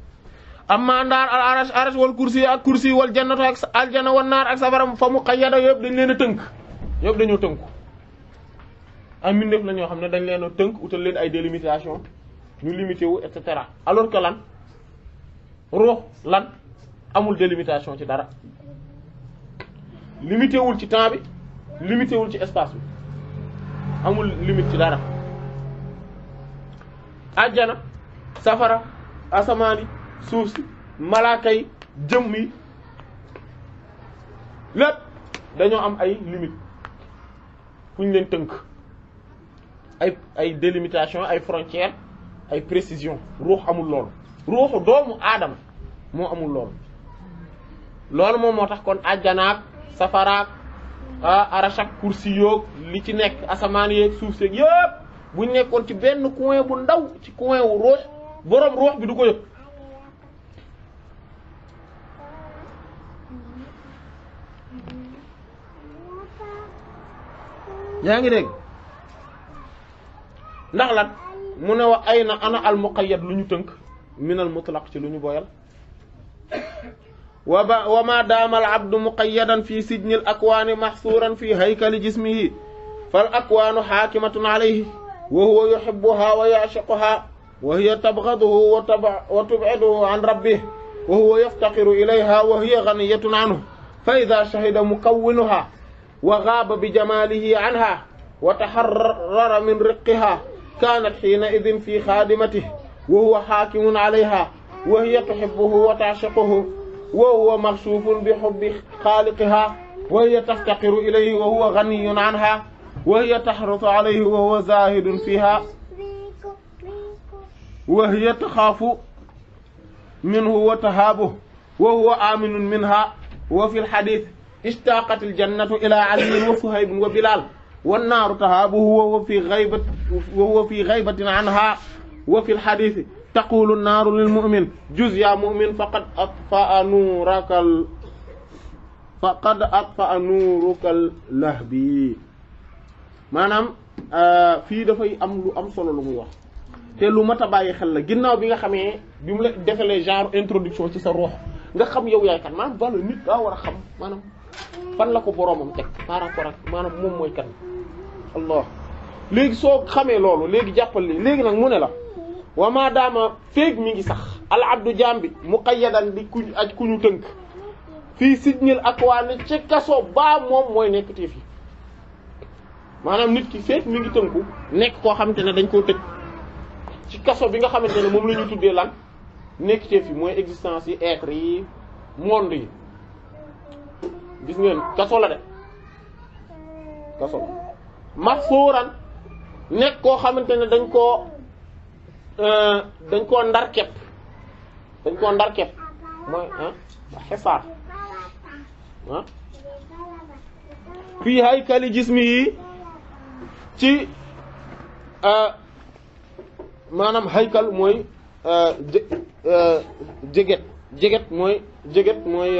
[SPEAKER 1] amma ndaar al arash arash wal kursi ak kursi wal jannatu ak aljana wal naar ak safara fa mu xayyada yëpp dañ leen a tënk yëpp dañoo tënk ay mbindeef la ñoo xam ne dañ leen tënk utal leen ay délimitation ñu limité wu et cetera alors ruux lan amul délimitation ci dara limité wul ci temps bi limité wul ci espace bi amul limite ci dara ajjana safara asamaan yi suuf si malaaka yi jëmm yi lépp dañoo am ay limite fu ñu leen tënk ay ay délimitation ay frontières ay précision ruux amul loolu ruuxu doomu aadama moo amul loolu loolu moom moo tax kon ajjanaak safaraak arashak kursi yoog li ci nekk asamaan yeeg suuf seeg yëpp buñ nekkoon ci benn coin bu ndaw ci coin wu ruux boroom ruux bi du ko yëg yaa ngi dégg ndax lan mu ne wa ay na ana almuqayyad lu ñu tënk minal mutlaq ci lu ñu boyal wa ba wa ma daama al abdu muqayyadan fi sijnil akwaani maxsuuran fi haykali jismihi fal akwaanu xaakimatun alayhi wa huwa yuhibbuha wa ya'shiquha wa hiya tabghaduhu wa tab wa tub'iduhu an rabbih wa huwa yaftaqiru ilayha wa hiya ghaniyatun anhu fa idha shahida mukawwinuha wa ghaaba bi jamalihi anha wa taharrara min riqqiha kaanat hiina idin fi khaadimatihi وهو حاكم عليها وهي تحبه وتعشقه وهو مرسوف بحب خالقها وهي تفتقر إليه وهو غني عنها وهي تحرص عليه وهو زاهد فيها وهي تخاف منه وتهابه وهو آمن منها وفي الحديث اشتاقت الجنة إلى علي وصهيب وبلال والنار تهابه وهو في غيبة وهو في غيبة عنها wa fil xadiisi taqulu naaru lil mu'min juz yaa mu'min faqad atfa'a nuurakal faqad atfa'a nuurukal lahbi maanaam fii dafay am lu am solo lu muy wax te lu mat a bàyyi xel la ginnaaw bi nga xamee bi mu la defalee genre introduction ci sa ruux nga xam yow yaay kan maanaam bala nit daa war a xam maanaam fan la ko boroomam teg par rapport ak maanaam moom mooy kan allah léegi soo xamee loolu léegi jàppal li léegi nag mu ne la wa maa daama feeg mi ngi sax al abdu jaam bi muqayyadan di ku aj ku ñu tënk fii sijnil akwaani ci kaso baa moom mooy nekk tiif yi maanaam nit ki feeg mi ngi tënku nekk koo xamante ne dañ koo tëj ci kaso bi nga xamante ne moom la ñu tuddee lan nekk tiif yi mooy existence yi être yi monde yi gis ngeen kaso la de kaso la maxsuuran nekk koo xamante ne dañ koo dañ koo ndar kepp dañ koo ndar kepp mooy xefaar ah fii haykali jismi yi ci maanaam haykal mooy jeget jeget mooy jeget mooy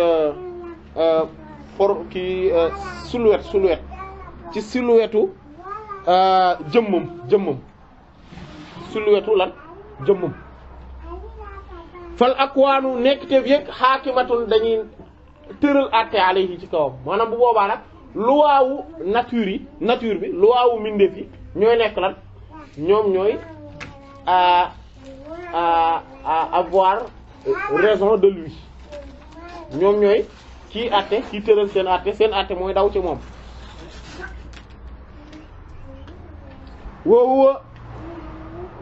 [SPEAKER 1] for kii ờ, silhouette silhouette ci silhouette ờ, jëmmam jëmmam silhouette lan jëmmum fal akwaanu nekkiteef yëpp xaakimatun dañuy tëral àtte alayhi ci kawam maanaam bu boobaa nag luwaawu nature yi nature bi luwaawu mbindeef yi ñooy nekk lan ñoom ñooy à à à avoir raison de lui ñoom ñooy kii àtte kii tëral seen àtte seen àtte mooy daw ci moom. woowu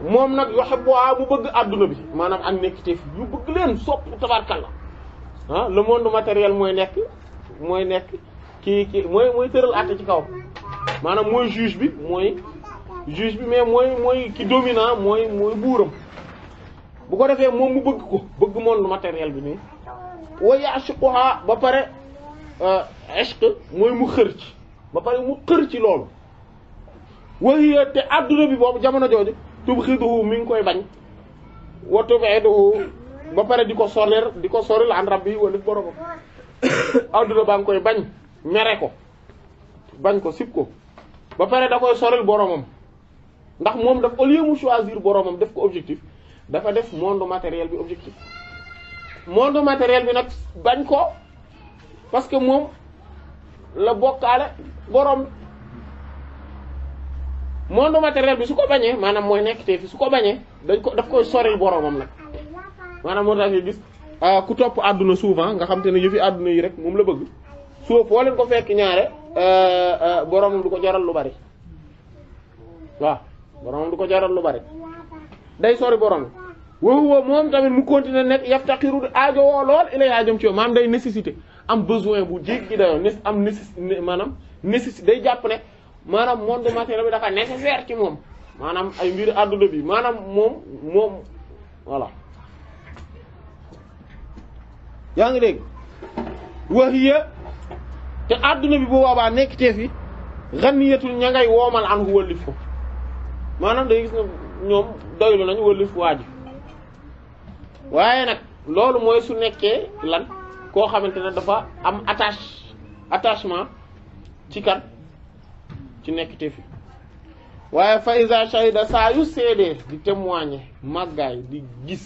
[SPEAKER 1] moom nag waa mu bëgg àdduna bi maanaam ak nekkiteef yu bëgg leen sopp tabarkalla ah le monde matériel mooy nekk mooy nekk kii kii mooy mooy tëral àtte ci kaw maanaam mooy juge bi mooy juge bi mais mooy mooy ki dominant mooy mooy buuram bu ko defee moom mu bëgg ko bëgg monde matériel bi nii wa ya'shiquha ba pare ishq euh, mooy mu xër ci ba pare mu xër ci loolu wa hiya te adduna bi boobu jamono jooju tubxiduhu mi ngi koy bañ wa tub'iduhu ba pare di ko soril di ko soril an rabbi wala boromam adduna baa ngi koy bañ mere ko bañ ko sib ko ba pare da koy soril boromam ndax moom daf au lieu mu choisir boromam def ko objectif dafa def monde matériel bi objectif monde matériel bi nag bañ ko parce que moom la bokkaale borom monde matériel bi su ko bañee maanaam mooy nekk te fi su ko bañee dañ ko daf koy soril boroomam nag maanaam moo tax gis ah, ku topp àdduna souvent nga xam te ne yëfi àdduna yi rek moom la bëgg soo foo leen ko fekk ñaare ah, ah, boroomam du ko jaral lu bari waaw boroomam du ko jaral lu bari day sori borom woowu moom tamit mu continuer nekk yaftaqiru aajo woo lool ilay aajam ci yow maanaam day nécessité am besoin bu jéggi dayoo am nécessité maanaam nécessité day jàpp ne. maanaam monde matériel bi dafa nécessaire ci moom maanaam ay mbir àdduna bi maanaam moom moom voilà yaa ngi dégg waxiya te àdduna bi bu boobaa nekk tee fi xaniyatul ña ngay woomal am ku wëllif ko maanaam day gis na ñoom doylu nañ wëllif waa waaye nag loolu mooy su nekkee lan koo xamante ne dafa am attache attachement ci kan ci nekk te fi waaye fa isa shahida saa yu seedee di témoigner màggaay di gis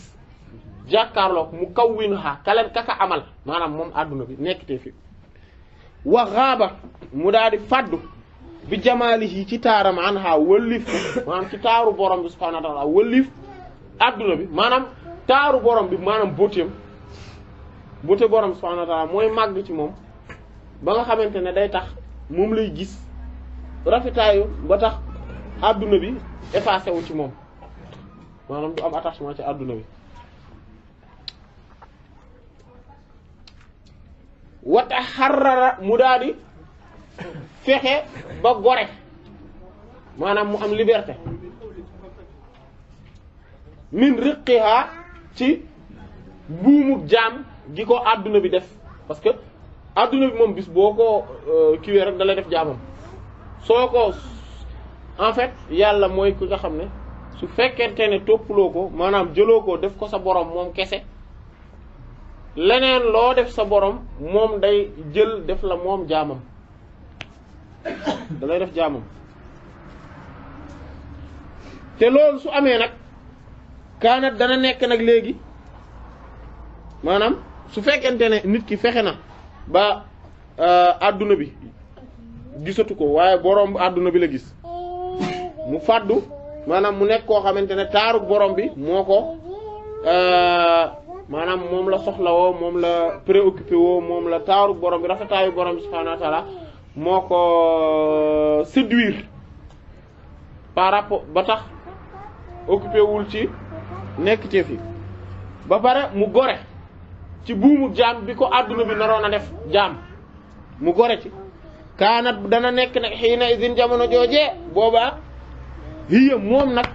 [SPEAKER 1] jàkkaarloog mu kaw win xaa kaleen kaka amal maanaam moom àdduna bi nekk te fi wa xaaba mu daal di fàddu bi yi ci taaram an xaa wëllif maanaam ci taaru borom bi subhana wa taala wëllif àdduna bi maanaam taaru borom bi maanaam booteem boote borom bi wa taala mooy màgg ci moom ba nga xamante ne day tax moom lay gis rafetaayu ba tax adduna bi effacé wu ci moom maanaam du am attachement ci àdduna bi wata xarara mu daal di fexe ba gore maanaam mu am liberté min riqiha ci buumu jaam gi ko àdduna bi def parce que adduna bi moom bis boo ko euh, kiwee rek da def jaamam soo ko en fait yàlla mooy ki nga xam ne su fekkente ne toppaloo ko maanaam jëloo ko def ko sa borom moom kese leneen loo def sa borom moom day jël def la moom jaamam da def jaamam te loolu su amee nag kaanat dana nekk nag léegi maanaam su fekkente ne nit ki fexe na ba àdduna euh, bi gisatu ko waaye borom aduna bi la gis mu faddu manam mu nek ko xamantene ne borom bi moko euh manam mom la soxla wo mom la préoccupé wo mom la taaru borom bi rafetaayu borom subhanahu wa taala moko euh, séduire par rapport ba tax occupé wul ci nek ci fi ba para mu goré ci boumu jam bi ko aduna bi narona def jam mu goré ci kaanat dana nekk nag xiina idin jamono joojee boobaa hiya moom nag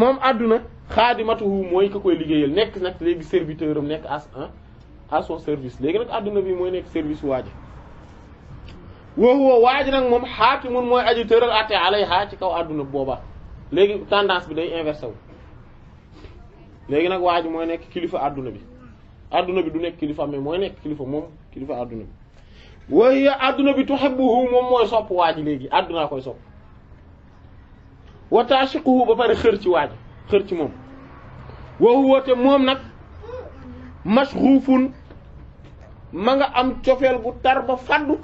[SPEAKER 1] moom àdduna xaadimatuhu mooy ka koy liggéeyal nekk nag léegi serviteur am nekk as à son service léegi nag àdduna bi mooy nekk service waaji wa huwa waaji nag moom xaakimun mooy aju tëral atte alayha ci kaw àdduna boobaa léegi tendance bi day inversé wu léegi nag waaj mooy nekk kilifa àdduna bi àdduna bi du nekk kilifa mais mooy nekk kilifa moom kilifa àdduna bi وهي أدنى بتحبه مم ويصاب واجي لجي أدنى كوي صاب وتعشقه بفر خرتي واجي خرتي مم وهو تمام نك مشغوف ما أم تفعل بطار بفرد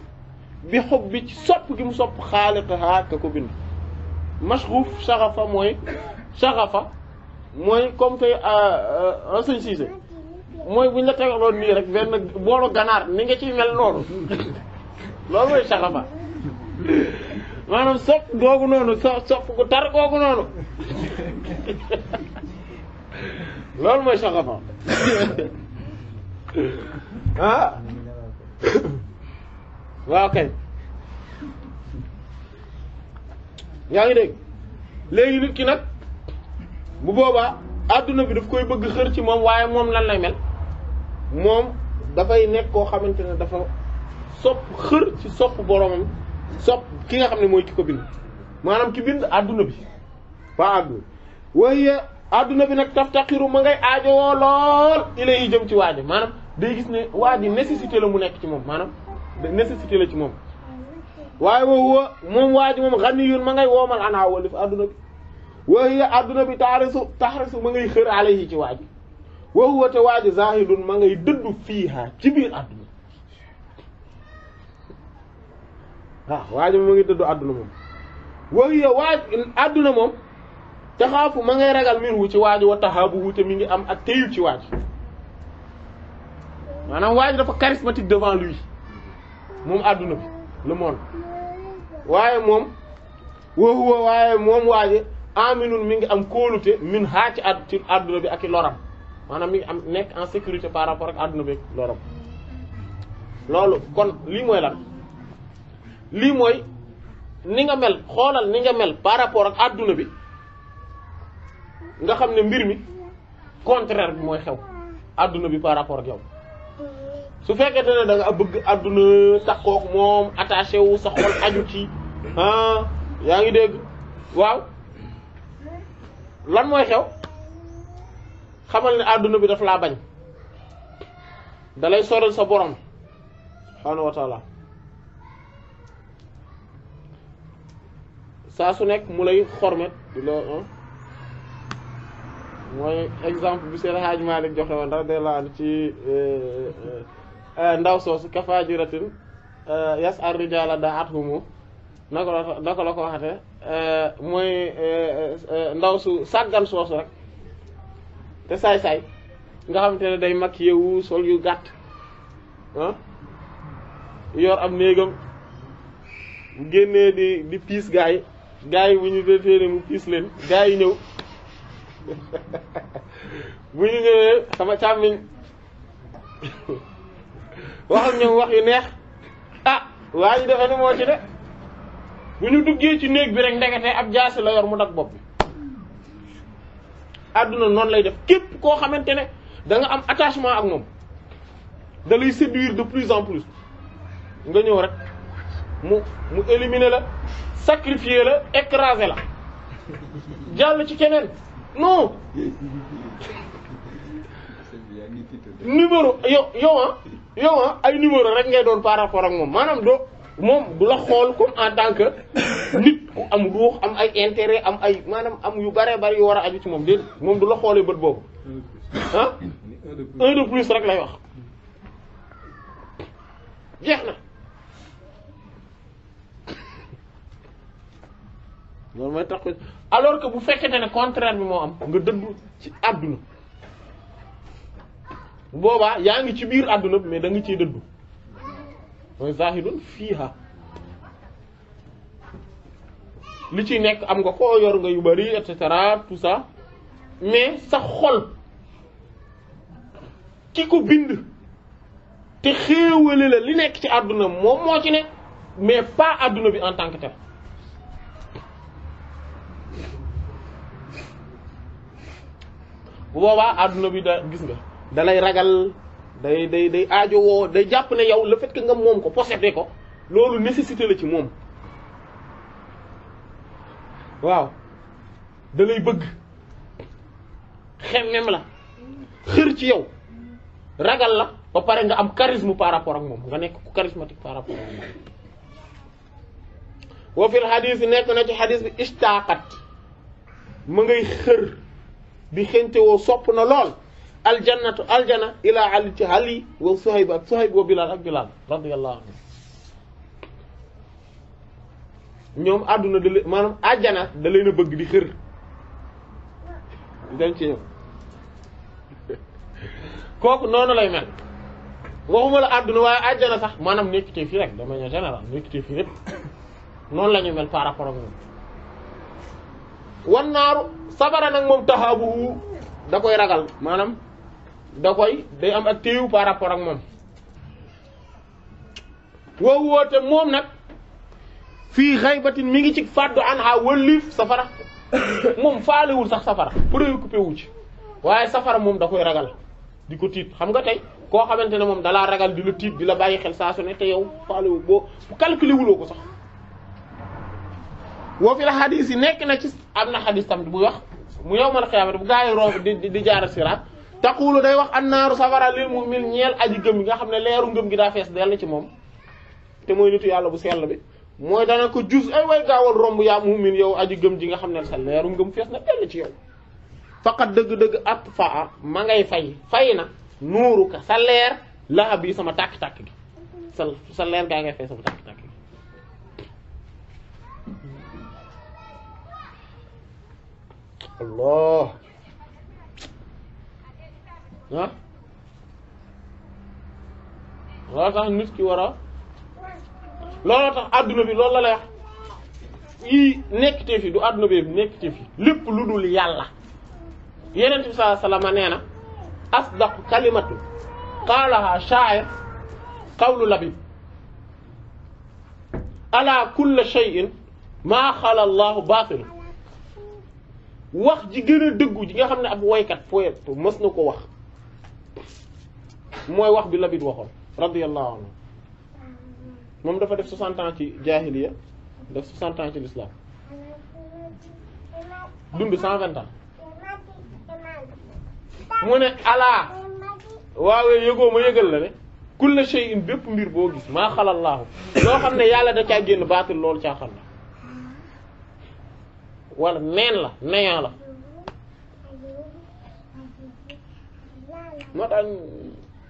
[SPEAKER 1] بحب صاب كم صاب خالقها ككوبين مشغوف شغفة موي شغفة موي كم في ااا آه، آه، رسن سيزه mooy bu ñu la tegaloon nii rek benn boolu ganaar ni nga ci mel noonu loolu mooy saxafa maanaam sopp googu noonu so sopp gu tar googu noonu loolu mooy saxafa ah waaw kay yaa ngi dégg léegi nit ki nag bu boobaa adduna bi daf koy bëgg xër ci moom waaye moom lan lay mel moom dafay nekk koo xamante ne dafa sopp xër ci sopp boromam sopp ki nga xam ne mooy ki ko bind maanaam ki bind àdduna bi ba àdduna waaye adduna bi nag taftaqiru ma ngay aajowoo lool ila yi jëm ci waajo maanaam day gis ne waa ji nécessité la mu nekk ci moom maanaam nécessité la ci moom waaye woo moom waa ji moom ghaniyun ma ngay woomal anaa walif àdduna bi waaye adduna bi taarisu taarisu ma ngay xër ala yi ci waaji wa huwa te waa ji zaahidun ma ngay dëddu fiiha ci biir àdduna waaw ah, waa ji ma ngi dëddu àdduna moom wa hiya waa àdduna moom taxaafu ma ngay ragal miir wu ci waa ji wa tahaabu te mi ngi am ak téyu ci waa ji maanaam waa dafa charismatique devant lui moom àdduna bi le monde waaye moom wa huwa aminun mi ngi am kóolute min haa ci àdduna bi ak i loram manam mi am nekk en sécurité par rapport ak aduna bi lolu lolu kon li moy lan li moy ni nga mel xolal ni nga mel par rapport ak aduna bi nga xamne mbir mi contraire bi mooy xew aduna bi par rapport ak yow su fekkete ne da nga bëgg takko ak mom attaché wu sa xol aju ci ha ah, yaangi deg waw lan moy xew xamal ni àdduna bi daf laa bañ dalay soril sa borom subhaanahu wa saa su nekk mu lay xormet di la ah. mooy exemple bi seen Haaj Maalik joxe woon radiyallaahu anhu ci eh, eh, eh, ndaw soosu kafaajiratin yas ar rijaala daa humu naka la ko waxate mooy ndaw su sàggan soosu rek te saay-saay nga xamante ne day mag yewu sol yu gàtt ah yor am néegam génne génnee di di piis gaa yi gaa yi bu ñu déetee mu piis leen gaa ñëw bu ñu ñëwee sama càmmiñ wax ak ñoom wax yu neex ah waa ñu defe ni moo ci de bu ñu duggee ci néeg bi rek ndekete ab jaasi la yor mu dag bopp àdduna noonu lay def képp koo xamante ne da nga am attachement ak moom da lay séduire de plus en plus nga ñëw rek mu mu éliminer la sacrifier la écraser la jàll ci keneen non numéro yow yow ah yow ah ay numéro rek ngay doon par rapport ak moom maanaam doo moom du la xool comme en tant que nit ku am ruux am ay intérêt am ay maanaam am yu bare bari yu war a aju ci moom déedéet moom du la xoolee bët boobu ah un rek lay wax jeex na loolu mooy tax alors que bu fekkente ne contraire bi moo am nga dëddu ci àdduna boobaa yaa ngi ci biir àdduna bi mais da nga ciy dëddu mooy zahirun fiha li ci nek am nga ko yor nga yu bari et cetera tout ça mais sa xol ki ko bind te xewele la li nek ci aduna mom mo ci nek mais pas aduna bi en tant que tel bu bi da gis nga dalay ragal day day day aajo woo day jàpp ne yow la fekk nga moom ko possédé ko loolu nécessité la ci moom waaw da lay bëgg xemmem la xër ci yow ragal la ba pare nga am charisme par rapport ak moom nga nekk ku charismatique par rapport ak moom wa fil xadis nekk na ci xadis bi istaaxat mu ngay xër di xente woo sopp na lool aljannatu aljana ilaa ali ci wa Suhayb ak wa Bilaal ak Bilaal radiyallahu anhu ñoom àdduna da leen maanaam àjjana da bëgg di xër dem ci noonu lay mel waxuma la àdduna waaye àjjana sax maanaam nekkitee fii rek de manière générale nekkitee fii rek noonu la ñu par rapport ak moom sabara nag moom taxaabu da koy ragal maanaam da koy day am ak téyu par rapport ak moom woowu woote moom nag fii xaybatin mi ngi ci fàddu an a wëlliif safara moom faalewul sax safara préoccupé wu ci waaye safara moom da koy ragal di ko tiit xam nga tey koo xamante ne moom dalaa ragal di la tiit di la bàyyi xel saa su ne te yow faalewu boo calculé wuloo ko sax woo fi la xadis yi nekk na ci am na xadis tamit bu wax mu ma man xiyaamat bu gaa yi romb di di jaar siraat taqulu day wax annaru safara lil mu'min ñeel aji gëm bi nga xamne leeru ngëm gi da fess del ci mom te moy nitu yalla bu sel bi moy dana ko jus ay way gawal rombu ya mu'min yow aji gëm ji nga xamne sa leeru ngëm fess na del ci yow faqat deug deug at faa ma ngay fay fay na ka sa leer la bii sama tak tak gi sa leer ga ngay fess sama tak tak Allah ah loolu tax nit ki war a looloo tax adduna bi loolu la lay wax yii nekkite fi du adduna bi nekkite fi lépp lu dul yàlla yeneen bi saa salaama nee na asdaqu kalimatu qaalaha sha'ir qawlu labib ala kulli shay'in maa xala allahu baatilu wax ji gën a dëggu ji nga xam ne ab woykat poète mës na ko wax mooy wax bi Labid waxoon radiyallahu anhu moom dafa def 60 ans ci jaahiliya def 60 ans ci l'islam dund 120 ans mu ne alaa waawee yëgoo ma yëgal la ne kulla shay'in bépp mbir boo gis maa xalallaahu loo xam ne yàlla da caa génn baatil loolu caa xam la wala neen la nayaan la moo tax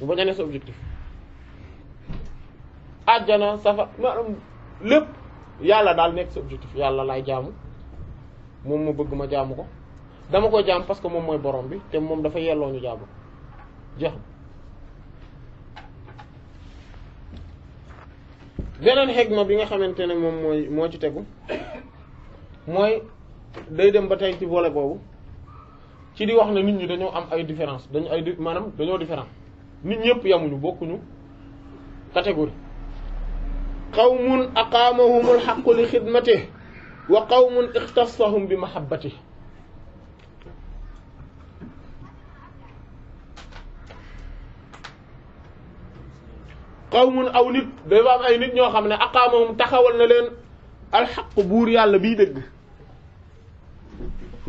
[SPEAKER 1] bu bañ a objektif. sa objectif àjjana safa maanaam lépp ya daal nekk sa objectif ya laay jaamu jamu, mumu bëgg jamu ko dama ko jam parce que mumu mooy borom bi te moom dafa yelloo ñu jaamu jeex beneen xegma bi nga tena mumu moom mooy moo ci tegu mooy day dem ba tey ci volet boobu ci di wax ne nit ñi dañoo am ay différence dañu ay maanaam dañoo différent nit ñëpp yamuñu bokkuñu catégorie qawmun aqaamahumul xaqu li xidmati wa qawmun ixtasahum bi mahabbati qawmun aw nit dafa am ay nit ñoo xam ne aqaamahum taxawal na leen alxaq buur yàlla biy dégg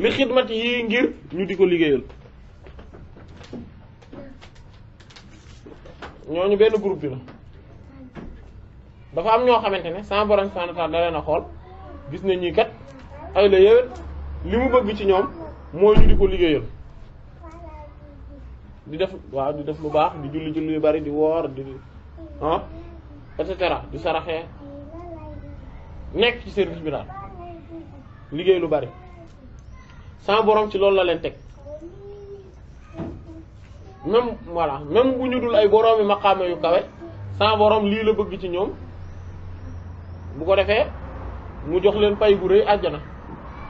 [SPEAKER 1] li xidmati yi ngir ñu di ko liggéeyal ñooñu benn groupe bi la dafa am ñoo xamante ne sama borom subhanahu wa ta'ala da leen a xool gis na ñii kat ay la yéwét li mu bëgg ci ñoom mooy ñu di ko liggéeyal di def waaw di def lu baax di julli julli yu bari di woor di ah et cetera di saraxee nekk ci service bi daal liggéey lu bari sama borom ci loolu la leen teg. même voilà même bu ñu dul ay ma maqaama yu kawe sa borom lii la bëgg ci ñoom bu ko defee mu jox leen pay gu rëy àjjana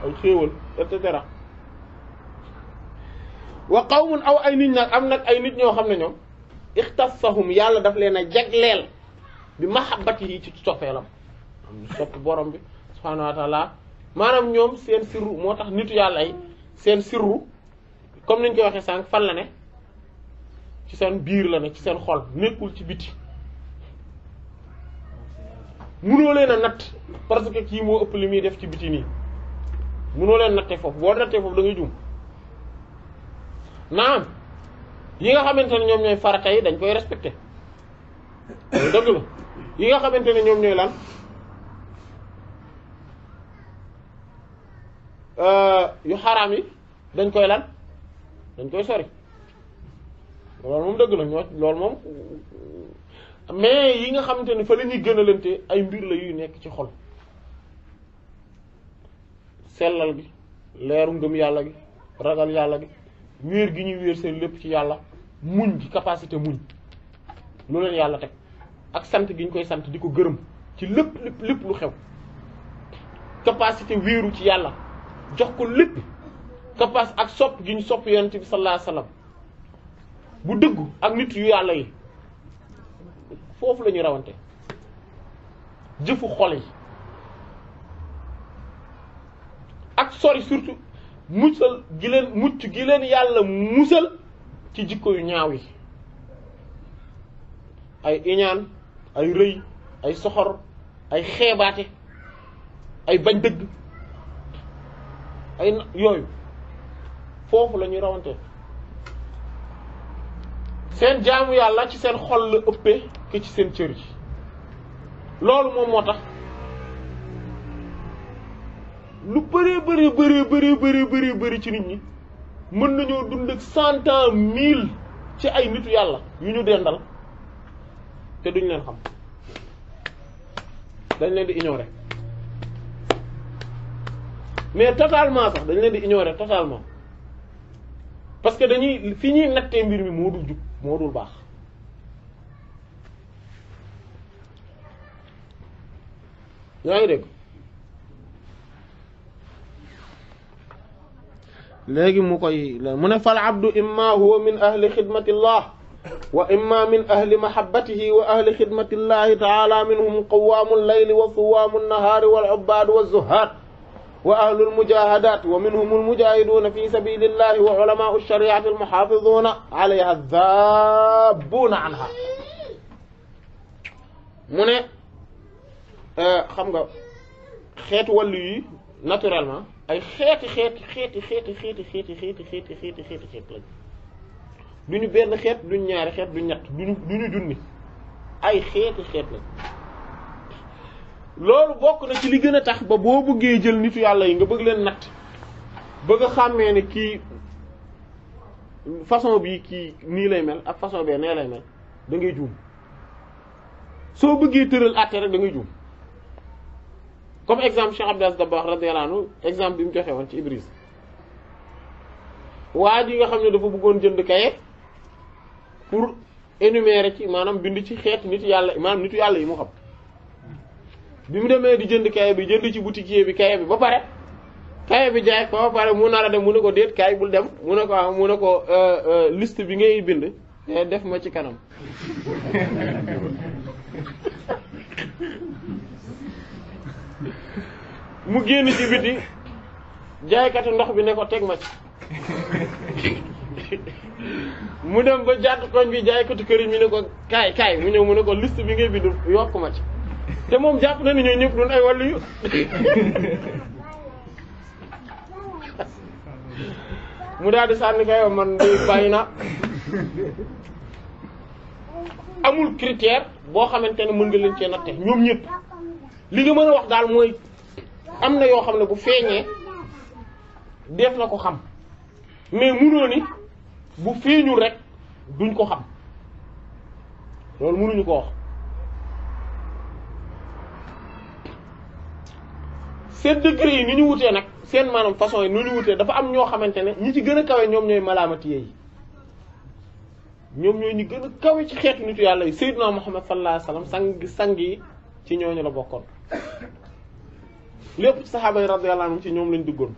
[SPEAKER 1] ay xéewal et wax wa qawmun aw ay nit nag am nag ay nit ñoo xam ne ñoom saxum yàlla daf leen a jagleel bi mahabbati yi ci soppeelam am ñu borom bi subhaanahu wa maanaam ñoom seen sirru moo tax nitu yàlla ay seen sirru comme niñ ko waxee sànq fan la ne ci seen biir la ne ci seen xol nekkul ci biti munoo leen a natt parce que kii moo ëpp li muy def ci biti nii munoo leen nattee foofu boo nattee foofu da ngay jum naam yi nga xamante ne ñoom ñooy farata yi dañ koy respecté dëgg la yi nga xamante ne ñoom ñooy lan euh, yu xaraam yi dañ koy lan dañ koy sori loolu moom dëgg la ñoo loolu moom mais yi nga xamante ni fa la ñuy gën a lante ay mbir la yuy nekk ci xol sellal gi leeru ngëm yàlla gi ragal yàlla gi wéer gi ñuy wéer seen lépp ci yàlla muñ gi capacité muñ lu leen yàlla teg ak sant gi ñu koy sant di ko gërëm ci lépp lépp lépp lu xew capacité wéeru ci yàlla jox ko lépp capacité ak sopp gi ñu sopp yonent ci sallallahu alayhi wasallam bu dëggu ak nit yu yàlla yi foofu lañuy ñu rawante jëfu xol yi ak sori surtout musal gi leen mucc gi leen yàlla musal ci jikko yu ñaaw yi ay iñaan ay rëy ay soxor ay xeebaate ay bañ dëgg ay yooyu foofu la ñuy rawante seen jaamu yàlla ci seen xol la ëppee ki ci seen cër yi loolu moom moo tax lu bëree bëri bari bëri bëri bëri bëri ci nit ñi mën nañoo dund ak cent ans ci ay nitu yàlla yu ñu dendal te duñ leen xam dañ leen di ignorer mais totalement sax dañ leen di ignorer totalement parce que dañuy fi ñuy nattee mbir mi moo dul jub مور البحر يغرق léegi mu koy mu ne fal abdu imma huwa min ahli xidmatillah wa imma min ahli mahabbatihi wa ahli xidmatillahi taala minhum qawaamu llayli wa suwaamu nnahaari wal ubbaadu wa zuhaat وأهل المجاهدات ومنهم المجاهدون في سبيل الله وعلماء الشريعة المحافظون عليها الذابون عنها من خمغا خيت ولي ناتورالمون اي خيت خيت خيت خيت خيت خيت خيت خيت خيت خيت خيت خيت duñu benn xet duñu ñaari xet duñu ñatt duñu duñu jooni ay xéeti xet la loolu bokk na ci li gën a tax ba boo bëggee jël nitu yàlla yi nga bëgg leen natt bëgg a xàmmee ne kii façon bii kii nii lay mel ak façon bee nee lay mel da juum soo bëggee tëral àtte rek da ngay juum comme exemple Cheikh Abdou Aziz Dabakh radiyallahu anhu exemple bi mu joxe woon ci Ibris waa ji nga xam ne dafa bëggoon jënd kaye pour énumérer ci maanaam bind ci xeet nitu yàlla maanaam nitu yàlla yi mu xam bi mu demee di jënd kaye bi jënd ci boutique bi kaye bi ba pare kaye bi jaay ko ba pare mu nar a dem mu ne ko déet kaay bul dem mu ne ko ah mu ne ko euh, euh, list bi ngay bind eh, ma ci kanam mu génn ci ndox bi ne teg ma ci mu dem ba jàtt koñ bi jaaykatu këriñ mi ne ko kaay kaay mu ñëw mu ne bi ngay bind yokk ma ci te moom jàpp na ni ñooñu ñëpp duñ ay wàllu yu mu daal sànni kay man day bàyyi na amul critère boo xamante ne mën nga leen cee natte ñoom ñëpp li nga mën a wax daal mooy am na yoo xam ne bu feeñee def na ko xam mais munoo ni bu feeñul rek duñ ko xam loolu munuñu ko wax seen degré yi ni ñu wutee nag seen maanam façon yi ni ñu wutee dafa am ñoo xamante ne ñi ci gën a kawe ñoom ñooy malaamatiye yi ñoom ñooy ñi gën a kawe ci xeetu nitu yàlla yi sayyidina Muhammad sallallahu alayhi wasallam sang sang yi ci ñooñu la bokkoon lépp ci saxaaba yi radiyallahu anhum ci ñoom lañ duggoon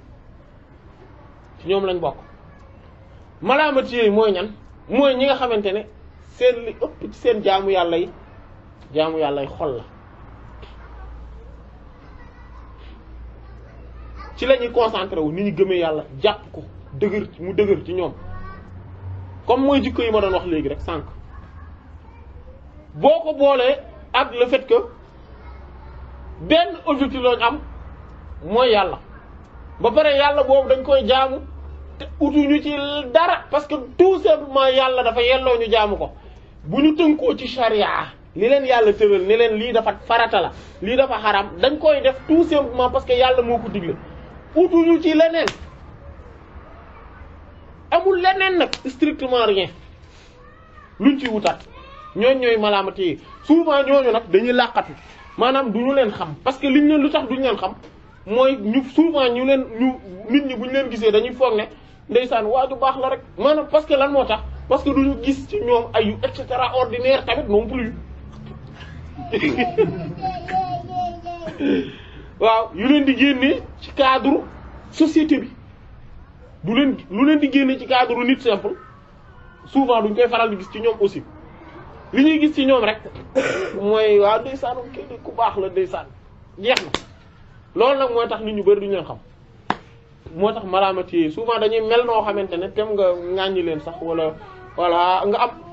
[SPEAKER 1] ci ñoom lañ bokk malaamatiye yi mooy ñan mooy ñi nga xamante ne seen li ëpp ci seen jaamu yàlla yi jaamu yàlla yi xol la ci vous concentré wu ni ñu gëmee yalla japp ko dëgër mu ci comme vous jikko yi ma doon wax légui rek sank boko ak le fait que ben objectif lañ am moy yalla ba paré yalla bobu dañ koy jaamu te utu ñu ci dara parce que tout simplement yalla dafa yelloo ñu jaamu ko bu ñu ci charia farata la dafa haram, dañ koy def tout parce que utuñu ci leneen amul leneen nag strictement rien luñ ci wutaat ñooñ ñooy malaamati yi souvent ñooñu nag dañuy làqatu maanaam du ñu leen xam parce que liñ leen lutax duñu leen xam moy ñu souvent ñu leen ñu nit ñi buñu leen gisee dañuy foog ndaysan waaju baax la rek manam parce que lan moo tax parce que duñu gis ci ñoom ayu et cetera ordinaire tamit non plus waaw yu len di ci cadre société bi du len lu len di ci cadre nit simple souvent duñ koy faral di gis ci aussi li ñuy ci ñom rek moy des ku bax la jeex na loolu tax ñu bari souvent dañuy mel no xamantene tem nga ngañu len sax wala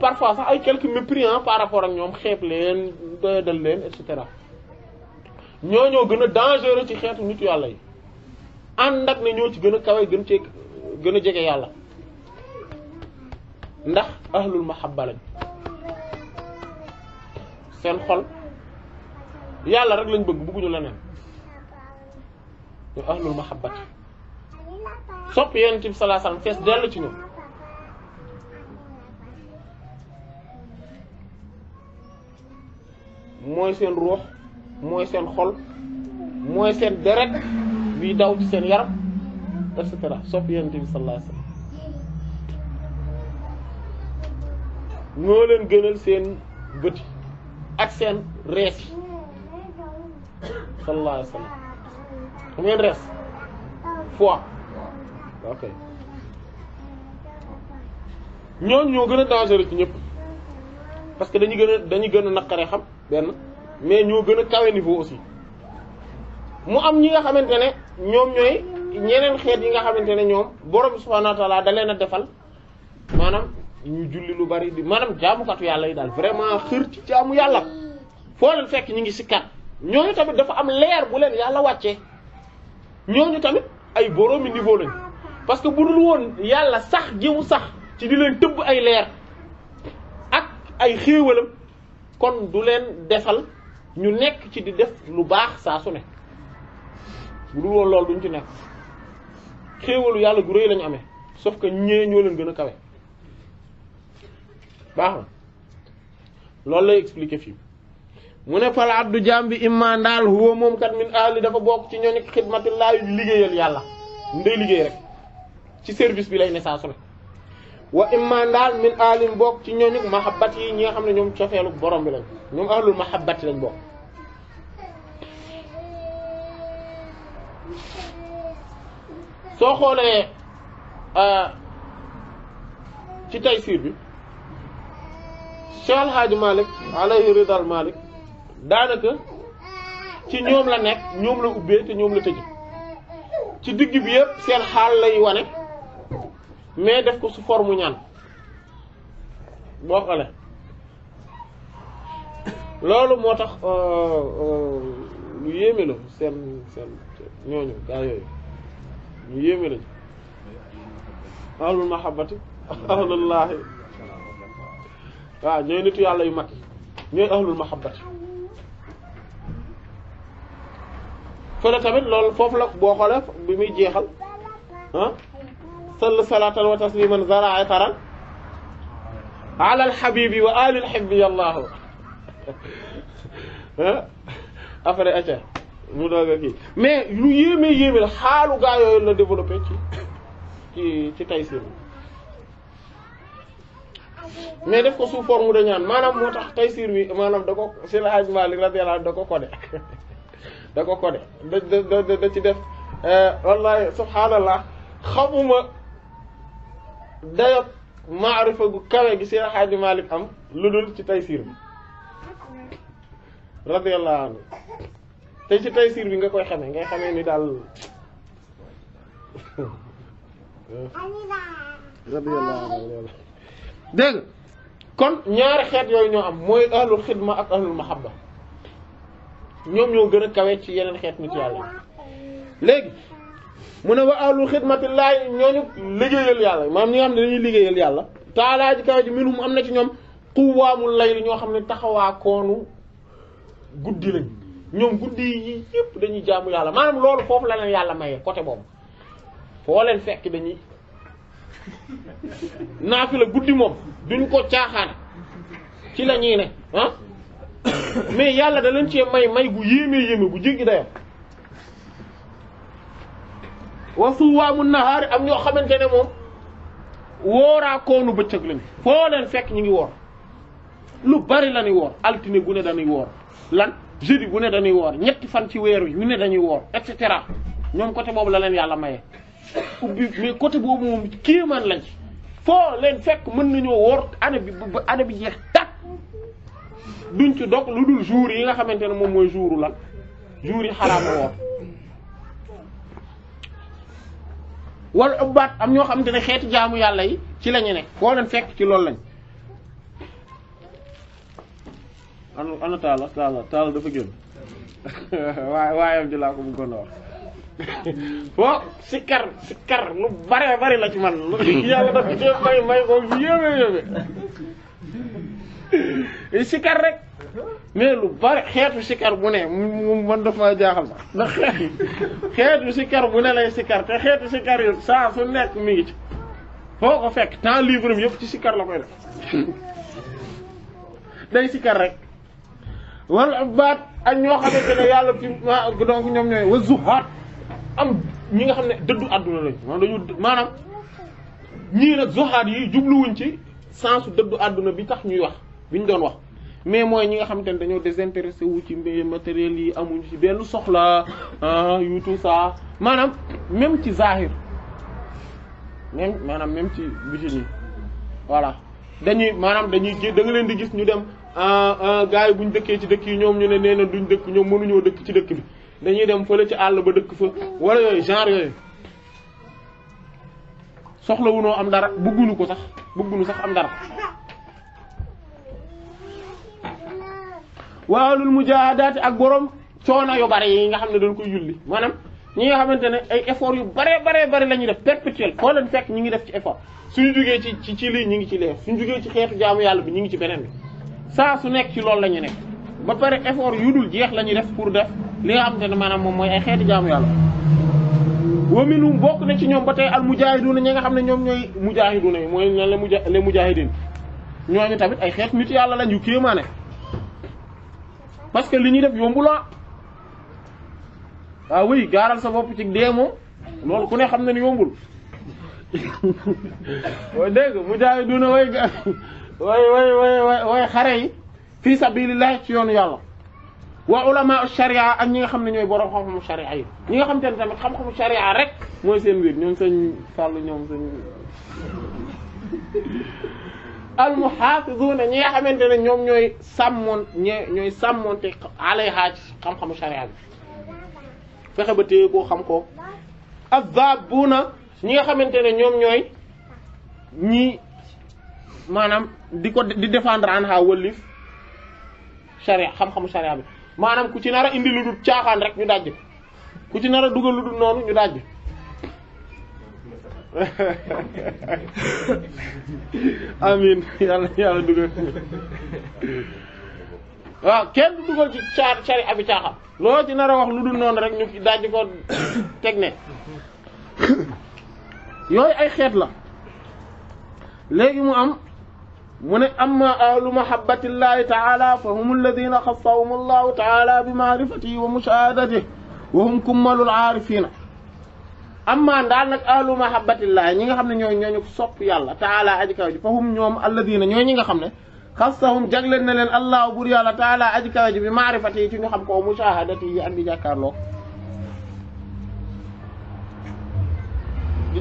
[SPEAKER 1] parfois sax ay quelques mépris hein, par rapport à ñom xeeb len et ñoo ñoo gën a dangereux ci xeetu nitu yàlla yi ànd ak ne ñoo ci gën a kawe gën cee gën a jege yàlla ndax ahlul mahabba lañ seen xol yàlla rek lañ bëgg bëgguñu leneen ñu ahlul mahabbati sopp yonent bi sallallahu alayhi wasallam fees dell ci ñoom mooy seen ruux mooy seen xol mooy seen deret biy daw ci seen yaram et cetera sopp yonent bi sallallahu alayhi ñoo leen gënal seen bët ak seen rees yi sallallahu alayhi rees fois ok ñoom ñoo gën a dangereux ci ñëpp parce que dañu gën a dañu gën a naqaree xam benn mais ñoo gën a kawe niveau aussi mu am ñi nga xamante ne ñoom ñooy ñeneen xeet yi nga xamante ne ñoom borom subhaanahu wa taala da leen a defal maanaam ñu julli lu bari di maanaam jaamukatu yàlla yi daal vraiment xër ci amu yàlla foo leen fekk ñu ngi si kat ñooñu tamit dafa am leer bu leen yàlla wàcce ñooñu tamit ay boroomi niveau lañ parce que bu dul woon yàlla sax gi mu sax ci di leen tëbb ay leer ak ay xéewalam kon du leen defal ñu nekk ci di def lu baax saa ne bu dul woon loolu duñ ci nekk xéewalu yàlla gu rëy lañu amee sof que ñee ñoo leen gën a kawe baax na loolu lay expliquer fii mu ne fala abdu jaam bi imma ndaal huwa moom kat min ahli dafa bokk ci ñooñu xidmatillaahi liggéeyal yàlla mu liggéey rek ci service bi lay ne saa su ne wa imma ndaal min ahli bokk ci ñooñu mahabbat yi nga xam ne ñoom cofeelu borom bi lañ ñoom ahlul mahabbat yi lañ bokk soo xoolee euh, ci Taysiir bi Cheikh El Hadj Malick alayhi ridal daanaka ci ñoom la nekk ñoom la ubbee te ñoom la tëj ci digg bi yëpp seen xaal lay wane mais def ko su forme ñaan boo xoolee loolu moo tax euh, euh, lu yéeme la seen seen ñooñu gaa yooyu. ñu yéeme lañ ahlul mahabbati ahlullahi waaw ñooy nitu yàlla yu mag yi ñooy ahlul mahabbati fële tamit loolu foofu la boo xoolee bi muy jeexal ah sall salatan wa tasliman zara taran ala alhabibi wa alil hibbi yàllaahu après aca mu doog kii mais yu yéeme yéeme la xaalu gaa yooyu la développe ci ci ci Taysir mais def ko sous forme de ñaan maanaam moo tax Taysir bi maanaam da ko si la Hadj Malick radiyallahu da ko codé da ko codé da da da da ci def euh, wallahi subhaanallah xamuma dayoo maarifa gu kawe gi si la Hadj Malick am lu dul ci Taysir bi radiyallahu anhu te ci tey siir bi nga koy xamee ngay xamee ni daal dégg kon ñaari xeet yooyu ñoo am mooy ahlul xidma ak ahlul mahabba ñoom ñoo gën a kawe ci yeneen xeet nit yàlla léegi mu ne wa ahlul xidmatillahi ñooñu liggéeyal yàlla maanaam ñi nga xam ne dañuy liggéeyal yàlla taalaa yi kawe ji minhum am na ci ñoom quwaamul layli ñoo xam ne taxawaa koonu guddi lañ ñoom guddi yi yëpp dañuy jàmm yàlla maanaam loolu foofu la leen yàlla maye côté boobu foo leen fekk dañuy naafi la guddi moom duñ ko caaxaan ci la ne ah mais yàlla da leen cee may may gu yéeme yéeme bu jéggi dayam mun na nahaari am ñoo xamante ne moom wooraa koonu bëccëg lañ foo leen fekk ñu ngi woor lu bari lañuy woor altine gu ne dañuy woor lan jeudi bu ne dañuy woor ñetti fan ci weeru yu ne dañuy woor et cetera ñoom côté boobu la leen yàlla maye. ubbi mais côté boobu moom kéemaan lañ foo leen fekk mën nañoo woor année bi ba année bi jeex tàkk duñ ci dog lu dul jour yi nga xamante ne moom mooy jouru lan jour yi xaraama woor. wala ubbaat am ñoo xamante ne xeeti jaamu yàlla yi ci lañu ne foo leen fekk ci loolu lañ. ana ana taala taala taala dafa génn waaye waayam ji laa ko bëggoon a wax bon sikkar sikkar lu bare bari la ci man yàlla daf ci may may ko yéeme yéeme sikkar bu ne man daf ma jaaxal bu ne lay sikkar te xeetu sikkar yu saa su nekk mi ci foo ko fekk temps libre yëpp ci sikkar la koy def day sikkar rek wal baat ak ñoo xamante ne yàlla fi donc ñoom ñooy am ñi nga xam ne dëddu àdduna lañ maanaam dañu maanaam ñii nag zuhaat yi jubluwuñ ci sensu dëddu àdduna bi tax ñuy wax bi ñu doon wax mais mooy ñi nga xamante ne dañoo désintéressé wu ci matériel yi amuñ ci benn soxla ah, yu tout maanaam même ci zahir même maanaam même ci bitin yi voilà dañuy maanaam dañuy da nga leen di gis ñu dem Ah, ah, gars yi bu ñu dëkkee ci dëkk yi ñoom ñu ne nee na duñ dëkk ñoom mënuñoo dëkk ci dëkk bi dañuy dem fële ci àll ba dëkk fa wala yooyu genre yooyu soxlawunoo am dara bëgguñu ko sax bëgguñu sax am dara mu waalul mujaahadaati ak borom coono yu bare yi nga xam ne dañ koy julli maanaam ñi nga xamante ne ay effort yu bare bare bare la ñuy def perpétuel foo leen fekk ñi ngi def ci effort suñu jugee ci ci lii ñi ngi ci lee suñu jugee ci xeetu jaamu yàlla bi ñi ngi ci beneen bi saa su nekk ci loolu la ñu nekk ba pare effort yu dul jeex la ñuy def pour def li nga xamante ne maanaam moom mooy ay xeeti jaamu yàlla wa minhum bokk na ci ñoom ba tey al mujahiduna ñi nga xam ne ñoom ñooy mujahiduna yi mooy ñan les mujahidin ñooñu tamit ay xeet nit yàlla lañu kéemaane parce que li ñuy def yombu la ah oui gaaral sa bopp ci dee moom loolu ku ne xam na ni yombul dégg mujahiduna way way way way way xare yi fii sabilillah ci yoonu yàlla wa ulama sharia ak ñi nga xam ne ñooy borom xam-xamu sharia yi ñi nga xam te ne tamit xam-xamu sharia rek mooy seen mbir ñoom seen fàll ñoom seen almuhaafizuna ñi nga xamante ne ñoom ñooy sàmmoon ñe ñooy sàmmoonte alayha ci xam-xamu sharia bi fexe ba téye koo xam ko azabuna ñi nga xamante ne ñoom ñooy ñi maanaam di ko di défendre an ha wëllif xam-xamu charia bi maanaam ku ci nar a indi lu dul caaxaan rek ñu dajj ku ci nar a dugal lu dul noonu ñu dajj amin yàlla yàlla dugal waaw kenn du dugal ci caar cari abi caaxam loolu ci nar a wax lu dul noonu rek ñu daj ko teg ne yooyu ay xeet la léegi mu am من أما أهل محبة الله تعالى فهم الذين خصهم الله تعالى بمعرفته ومشاهدته وهم كمال العارفين أما أن عندك أهل محبة الله نيجا خمنا نيو نيو نيو صب يالله تعالى أديك أوجي فهم نيوم الذين نيو نيجا خمنا خصهم جعلنا لأن الله أبوري الله تعالى أديك أوجي بمعرفته تيجي خم كوم مشاهدته يعني جا كارلو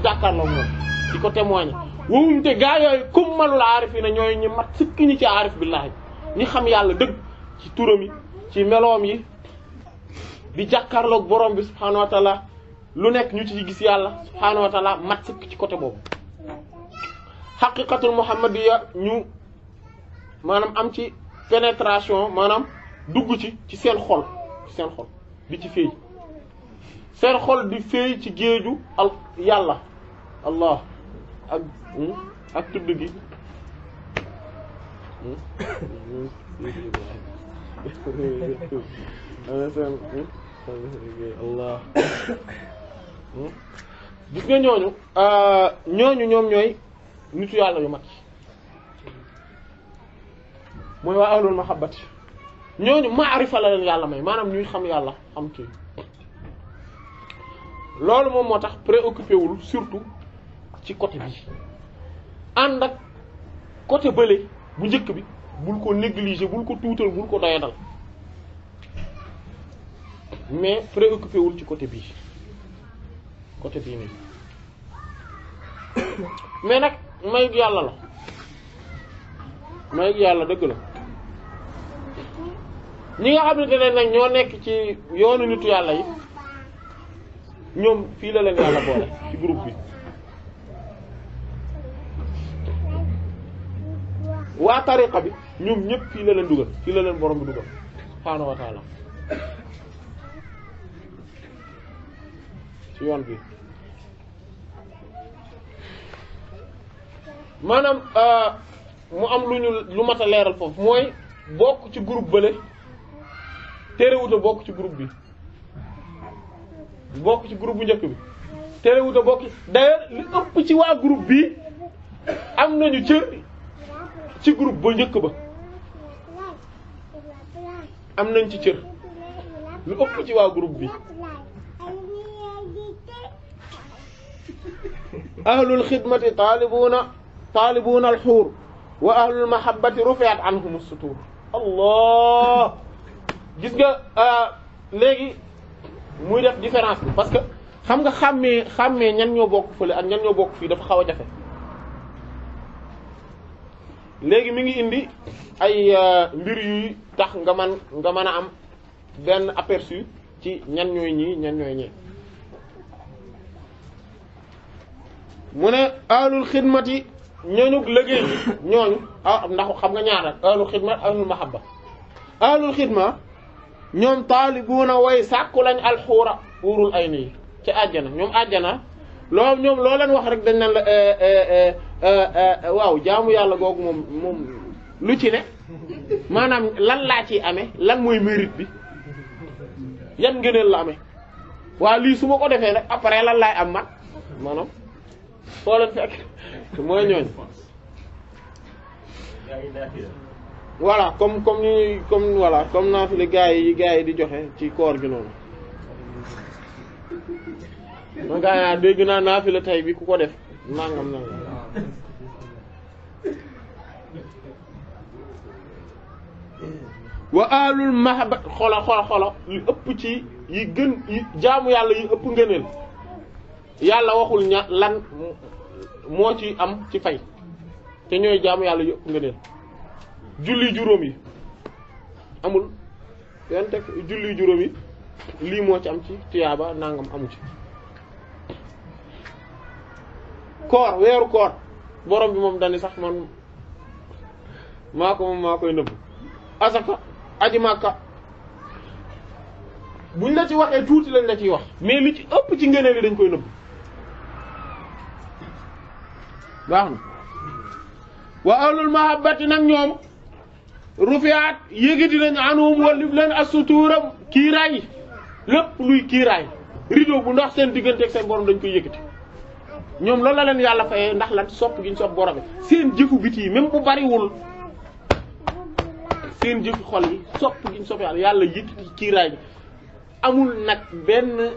[SPEAKER 1] جا كارلو دي كتير مواني wowum te gaa yooyu kummalul aarifina ñooy ñu mat sikki ñi ci aarif billahi ñi xam yàlla dëgg ci turam yi ci meloom yi di jàkkaarloog borom bi subhaanahu wa lu nekk ñu ci gis yàlla subhaanahu wa taala mat sikk ci côté boobu xaqiqatul muhammadiya ñu maanaam am ci pénétration maanaam dugg ci ci seen xol ci seen xol di ci feey seen xol di feey ci géeju al yàlla allah ak hmm, ak tudd gi allah gis nga ñooñu ah, ñooñu ñoom ñooy nitu yàlla yu mat mooy waa ahlul mahabbati ñooñu maarifa la leen yàlla may maanaam ñuy xam yàlla xam kii loolu moom moo tax préoccupé surtout ci côté bi ànd ak côté bële bu njëkk bi bul ko négliger bul ko tuutal bul ko doyadal mais préoccupé wul ci côté bii côté bii nii mais nag mayug yàlla la mayug yàlla dëgg la ñi nga xam ne nag ñoo nekk ci yoonu nitu yàlla yi ñoom fii la leen yàlla boole ci groupe bi waa tariqa bi ñoom ñëpp fii la leen dugal fii la leen borom bi dugal subhaanahu wa ci yoon bi maanaam euh, mu am lu ñu lu mat a leeral foofu mooy bokk ci groupe bële terewuta bokk ci groupe bi bokk ci groupe bu njëkk bi terewuta bokk d'ailleurs li ëpp ci waa groupe bi am nañu cër ci groupe ba njëkk ba am nañ ci cër lu ëpp ci waa groupe bi ahlul xidmati taalibuuna taalibuuna alxuur wa ahlul mahabbati rufiat anhum sutur allah gis nga léegi muy def différence bi parce que xam nga xàmmee xàmmee ñan ñoo bokk fële ak ñan ñoo bokk fii dafa xaw a jafe léegi mi ngi indi ay euh, mbir yuy tax nga man nga mën a am benn aperçu ci ñan ñooy ñii ñan ñooy ñi mu ne alul xidmati ñooñu liggéey ñooñu ah ndax xam nga ñaar ak alul xidma ma mahabba alul xidma ñoom taalibuuna way sàkku lañ alxuura uurul ay nii ci àjjana ñoom àjjana loolu ñoom loo leen wax rek dañ naan la euh, euh, euh, waaw jaamu yàlla googu moom moom lu ci ne maanaam lan laa ciy amee lan mooy mérite bi yan ngëneel la ame waa lii su ma ko defee nag après lan laay am man maanaam foo leen fekk mooy ñooñ voilà comme comme ni comme voilà comme naa fi le gars yi gars yi di joxe ci koor bi noonu ma gaa yaa dégg naa naafila tay bi ku ko def nangam nangam wa alul mahaba xolo xolo xolo li ëpp ci yi gën yi jaamu yàlla yi ëpp ngëneel yàlla waxul ña lan moo ci am ci fay te ñooy jaamu yàlla yi ëpp ngëneel julli juróom yi amul yan julli juróom yi lii moo ci am ci tiyaaba nangam amu ci koor weeru koor borom bi moom dani sax man maa ko moom maa nëbb asaka aji màkka buñ la ci waxee tuuti lañ la ciy wax mais li ci ëpp ci ngëneel dañ koy nëbb baax na wa ahlul mahabbati nag ñoom rufiat yëgati nañ anum walib leen asuturam kiiraay lépp luy kiiraay rideau bu ndax seen diggante seen borom dañ koy yëkkati ñom loolu la leen yàlla fayee ndax lan sopp giñ ñu sopp borom seen jëfu biti même bu bari wul seen jëfi xol yi sopp giñ ñu sopp yàlla yàlla yëkkati ci raay amul nak ben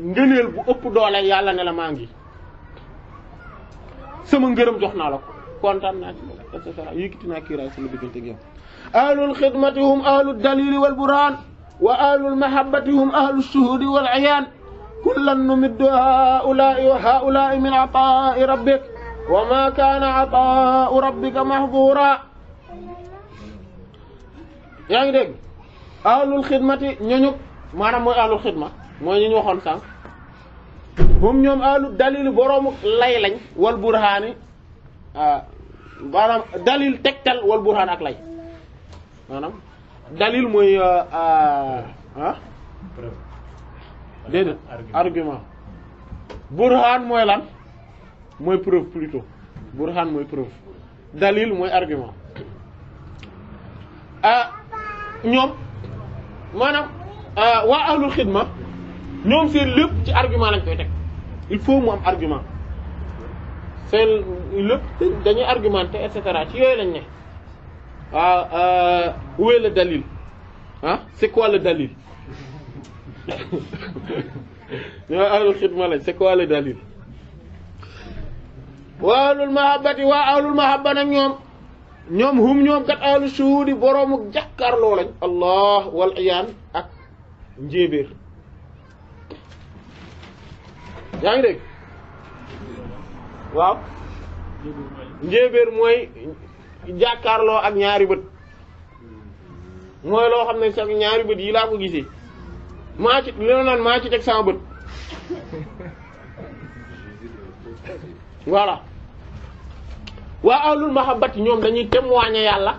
[SPEAKER 1] ngeeneel bu upp doole yàlla ne la maangi sama ngeerum jox naa la ko kontaan na ci moom et cetera yëkkati ki raay sama diggante ak yow ahlul khidmatuhum hum dalil wal buraan wa ahlul mahabbatuhum hum ahlul wal ayan كلا نمد هؤلاء وهؤلاء من عطاء ربك وما كان عطاء ربك محظورا yaa ngi dégg ahlul xidmati ñooñu maanaam mooy ahlul xidma mooy ñu ñu waxoon dalil boroomu lay wal burhaani ah, maanaam dalil tegtal wal burhaan lay dalil ah, ah, argument burhan moy lan moy preuve plutôt burhan moy preuve dalil moi argument ah ah, wa ahlul khidma ñom seen lepp ci argument il faut mu argument C'est le dañuy etc et cetera ci yoy lañ ne ah, ah, où est le dalil hein c'est quoi le dalil ñoo ahlul xidma lañ c'est quoi le dalil waa ahlul mahabbati waa ahlul mahabba nag ñoom ñoom hum ñoom kat ahlu suudi boroomu jàkkaarloo lañ allah wal iyaan ak njéebéer yaa ngi dégg waaw njéebéer mooy jàkkarloo ak ñaari bët mooy loo xam ne sax ñaari bët yi laa ko gisee maa ci li la naan ci teg sama bët voilà wa ahlul mahabbati ñom dañuy témoigné yalla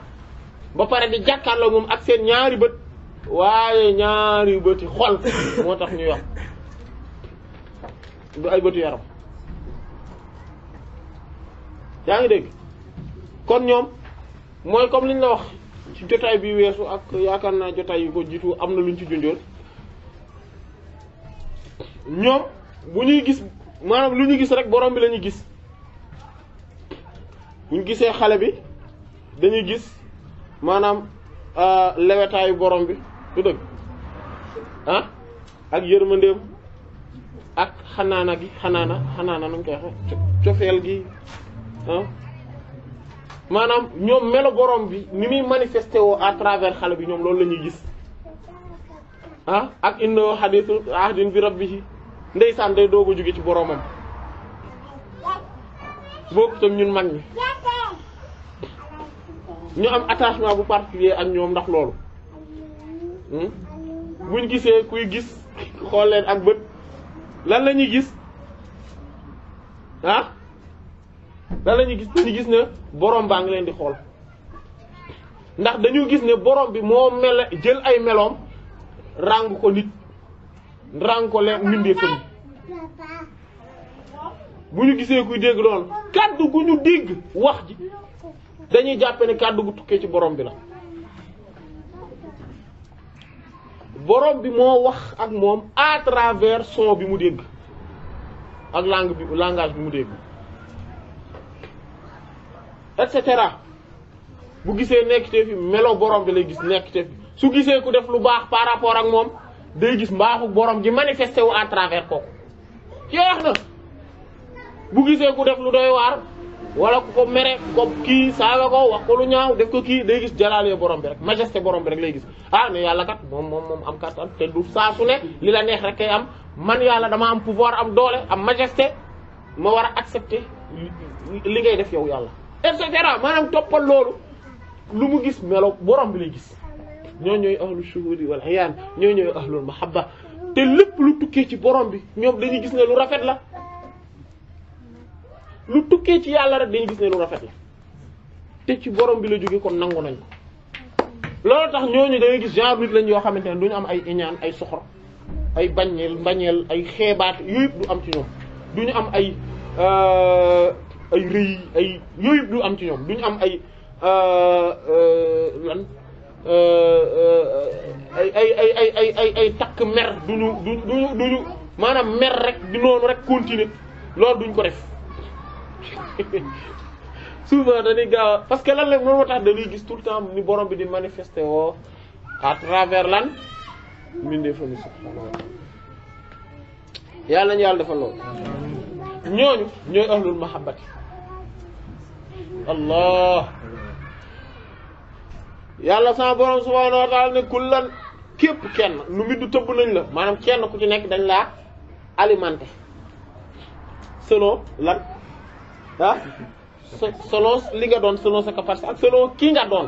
[SPEAKER 1] ba paré di jàkkaarloo mum ak seen ñaari bët waye ñaari bëti xol motax tax ñu wax du ay bëti yaram yaa ngi dégg kon ñom moy comme liñ la wax ci jotay bi weesu ak yaakaar naa jotaay yu ko jitu amna luñ ci jundjol ñoom bu ñuy gis maanaam lu ñu gis rek borom bi la gis bu ñu gisee xale bi dañuy gis maanaam euh, lewetaayu borom bi du dëgg ah ak yërmandeem ak xanaana gi xanaana xanaana nu mu koy waxee cofeel gi ah, maanaam ñoom melo borom bi ni muy manifesté woo à travers xale bi ñoom loolu la ñuy gis ah ak innahu hadithu ahdin bi rabbihi ndeysaan day doo ko jóge ci boroomam bokkutam ñun mag ñi ñu am attachement bu particulier ak ñoom ndax loolu hmm? buñ gisee kuy gis xool leen ak bët lan la ñuy gis ah lan la gis dañu gis ne boroom baa ngi leen di xool ndax dañu gis ne boroom bi moo mel jël ay meloom ràng ko nit rankolé mindeefam bu buñu gisé kuy dégg lool kaddu guñu dégg wax ji dañuy jappé ne kaddu gu tuké ci borom bi la borom bi mo wax ak mom à travers son bi mu dégg ak langue bi langage bi mu dégg et cetera bu gisé nekk fi melo borom bi lay gis nekk su gisé ku def lu baax par rapport ak mom day gis mbaaxu borom ji manifesté wu à travers kooku jeex na bu gisee ku def lu doy waar wala ku ko mere ko kii saaga ko wax ko lu ñaaw def ko kii day gis jalaalee borom bi rek majesté borom bi rek lay gis ah ne yàlla kat moom moom moom am kattan te du saa su ne li la neex rek kay am man yàlla dama am pouvoir am doole am majesté ma war a accepter li ngay def yow yàlla et cetera maanaam toppal loolu lu mu gis melo borom bi lay gis ñoo ñooy ahlul shuhudi wal hayaan ñoo ñooy ahlul mahabba te lépp lu tukkee ci borom bi ñoom dañuy gis ne lu rafet la lu tukkee ci yàlla rek dañuy gis ne lu rafet la te ci borom bi la jóge kon nangu nañ ko loolu tax ñooñu da gis genre nit lañ yoo xamante ne duñu am ay iñaan ay soxor ay bañeel mbañeel ay xeebaat yooyu yëpp du am ci ñoom duñu am ay euh, ay rëy ay yooyu yëpp du am ci ñoom duñu am ay euh, euh, lan ay ay ay ay ay ay ay takk mer duñu duñu duñu duñu maanaam mer rek di noonu rek continuer loolu duñ ko def souvent dañuy gaaw parce que lan la noonu moo tax dañuy gis tout le temps ni borom bi di manifester woo à travers lan mbindee fa mi subhaanahu ñu yàlla dafa loolu ñooñu ñooy ahlul mahabbati allah yàlla sama borom subhaanahu wa taala ne kullan képp kenn nu middu tëbb nañ la maanaam kenn ku ci nekk dañ laa alimenté selon lan ah selon li nga doon selon sa capacité ak selon kii nga doon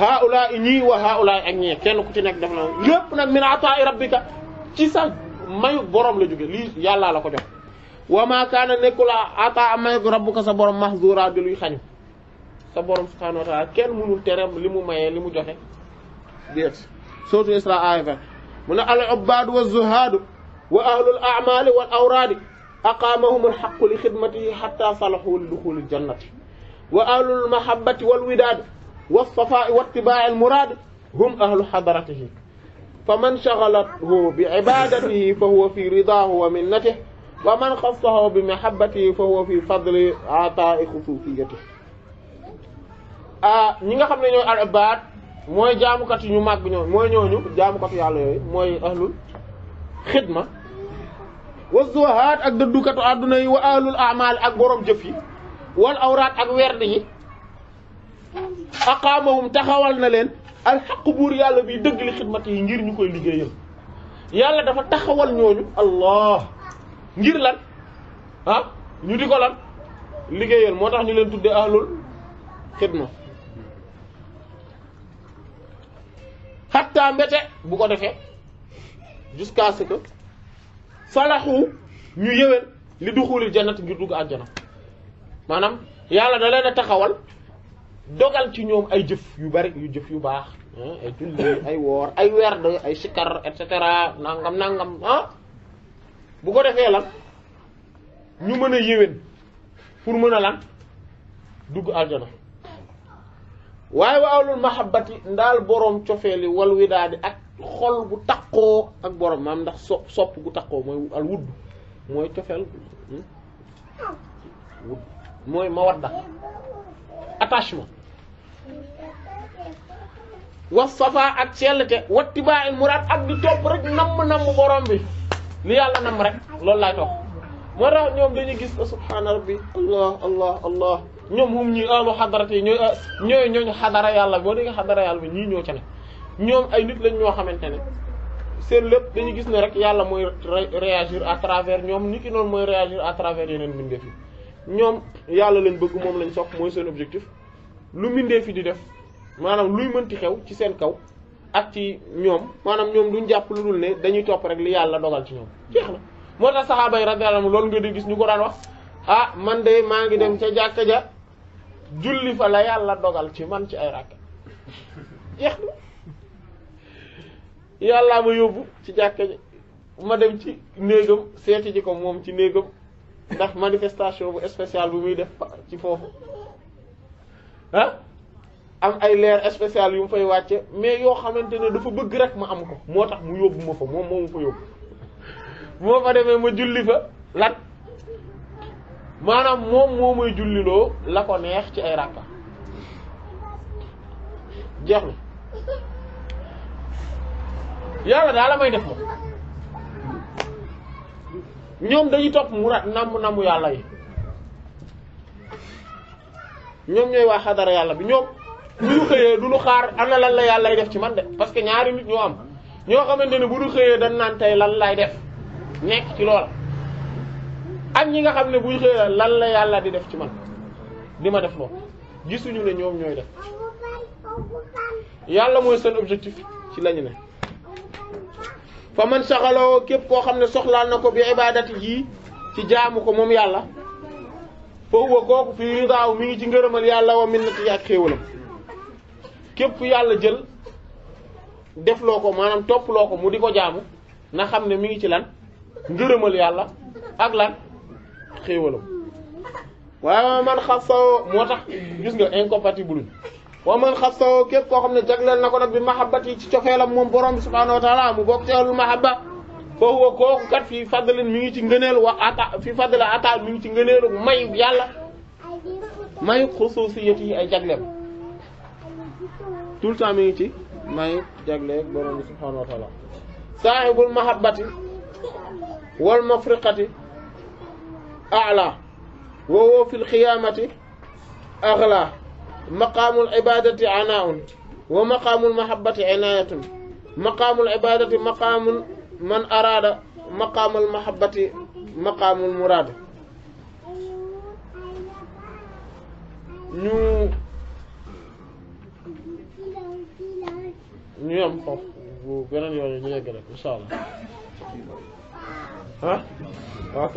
[SPEAKER 1] haula ñii wa haula ak ñee kenn ku ci nekk def na lépp na min ata'i rabbika ci sa mayu borom la jóge lii yàllaa la ko jox wa ma kaana nekkula ata mayu rabbuka sa borom mahzura di luy sa borom subhanahu wa taala kenn mënul tere limu mayé limu joxe di egsi isra aaya vingt mu ne al ubbaadu wa zuhaadu wa al amali wal awraadi aqaamahum alxaqu li khidmatihi hatta salahu li al ljannati wa al mahabbati wal widaadi walsafaa'i wattibaa'i almuraadi hum ahlu xadaratihi fa man shagalathu bi ibadatihi fa huwa fi ridaahu wa minnatihi wa man xassahu bi mahabbatihi fa huwa fi Ah, ñi nga xam ne ñooy al ibaad mooy jaamukat yu ñu màgg ñooñu mooy ñooñu jaamukatu yàlla yooyu mooy ahlul xidma wa zuhaat ak dëddukatu àdduna yi wa ahlul amaal ak boroom jëf yi wal awraat ak werd yi aqaamahum taxawal na leen alxaqu buur yàlla biy dëgg li xidmat yi ngir ñu koy liggéeyal yàlla dafa taxawal ñooñu allah ngir lan ah ñu di ko lan liggéeyal moo tax ñu leen tudde ahlul xidma xatta mbete bu ko defee jusqu'à ce que falaxu ñu yëwén li duxulil jannat ngir dugg àjjana maanaam yàlla da leen a taxawal dogal ci ñoom ay jëf yu bari yu jëf yu baax ay julli ay woor ay werd ay sikar et cetera nangam nangam ah bu ko defee lan ñu mën a yëwén pour mën a lan dugg àjjana waaye wa ahlul mahabbati ndaal boroom cofeeli wal widaadi ak xol bu taqoo ak boroom maam ndax so sopp gu taqoo mooy al wudd mooy cofeel hmm? wudd mooy mawadda attachement wa safa ak sellte wattiba'il murad ak di topp rek namm-namm borom bi li yàlla namm rek loolu laay topp moo tax ñoom dañuy gis subhaana rabbi allah allah allah ñoom moom ñuy ahlu xadarate yi ñooy ñooy ñooñu xadara yàlla boo déggee xadara yàlla bi ñii ñoo ca ne ñoom ay nit lañ ñoo xamante ne seen lépp dañu gis ne rek yàlla mooy réagir à travers ñoom ni ki noonu mooy réagir à travers yeneen mbindeef yi ñoom yàlla leen bëgg moom lañ sopp mooy seen objectif lu mbindeef yi di def maanaam luy mënti xew ci seen kaw ak ci ñoom maanaam ñoom duñ jàpp lu dul ne dañuy topp rek li yàlla dogal ci ñoom jeex na moo tax saxaaba yi radiyallahu ah, de maa julli fa la yàlla dogal ci man ci ay ràkka jeex na yàllaa ma yóbbu ci jàkka ji ma dem ci néegam seeti ji ko moom ci néegam ndax manifestation bu spéciale bu muy def ci foofu ah am ay leer spécial yu mu fay wàcce mais yoo xamante ne dafa bëgg rek ma am ko moo tax mu yóbbu fa moom moo ma fa yóbbu moo fa demee ma julli fa lat manam mom momay mooy julliloo la ko neex ci ay rakka jeex yalla da la may def moom ñom dañuy top mu ra namm namm yàlla yi ñom ñoy wa xadar yalla bi ñom bu ñu xëyee du ñu xaar ana lan la yalla def ci man de parce que ñaari nit ñu am ño xamante ne bu ñu xëyee dañ nan tay lan lay def nek ci lool ak ñi nga xam ne buñ xëy lan la yàlla di def ci man di ma def loolu gisuñu ne ñoom ñooy def yàlla mooy seen objectif ci lañu ne fa man saxaloo képp koo xam ne soxlaal na ko bi ibadati ji ci jaamu ko moom yàlla foofu wa kooku fi ridaaw mi ngi ci ngërëmal yàlla wa minnati ak xéewalam képp yàlla jël def loo ko maanaam topp loo ko mu di ko jaamu na xam ne mi ngi ci lan ngërëmal yàlla ak lan xéewalam waaw man xasaw motax gis nga incompatible wa man xasaw kep ko xamne jaglal nako nak bi mahabbati ci cofeelam mom borom subhanahu wa taala mu bok teul mahabba fo wo ko kat fi fadlin mi ngi ci ngeenel wa ata fi fadla ata mi ngi ci ngeenel may yàlla may khususiyati ay jaglem tout temps mi ngi ci may jagle borom subhanahu wa taala sahibul mahabbati wal mafriqati أعلى وهو في القيامة أغلى مقام العبادة عناء ومقام المحبة عناية مقام العبادة مقام من أراد مقام المحبة مقام المراد ñu ñu am foofu bu beneen yoon ñu yeggale incha allah ah ok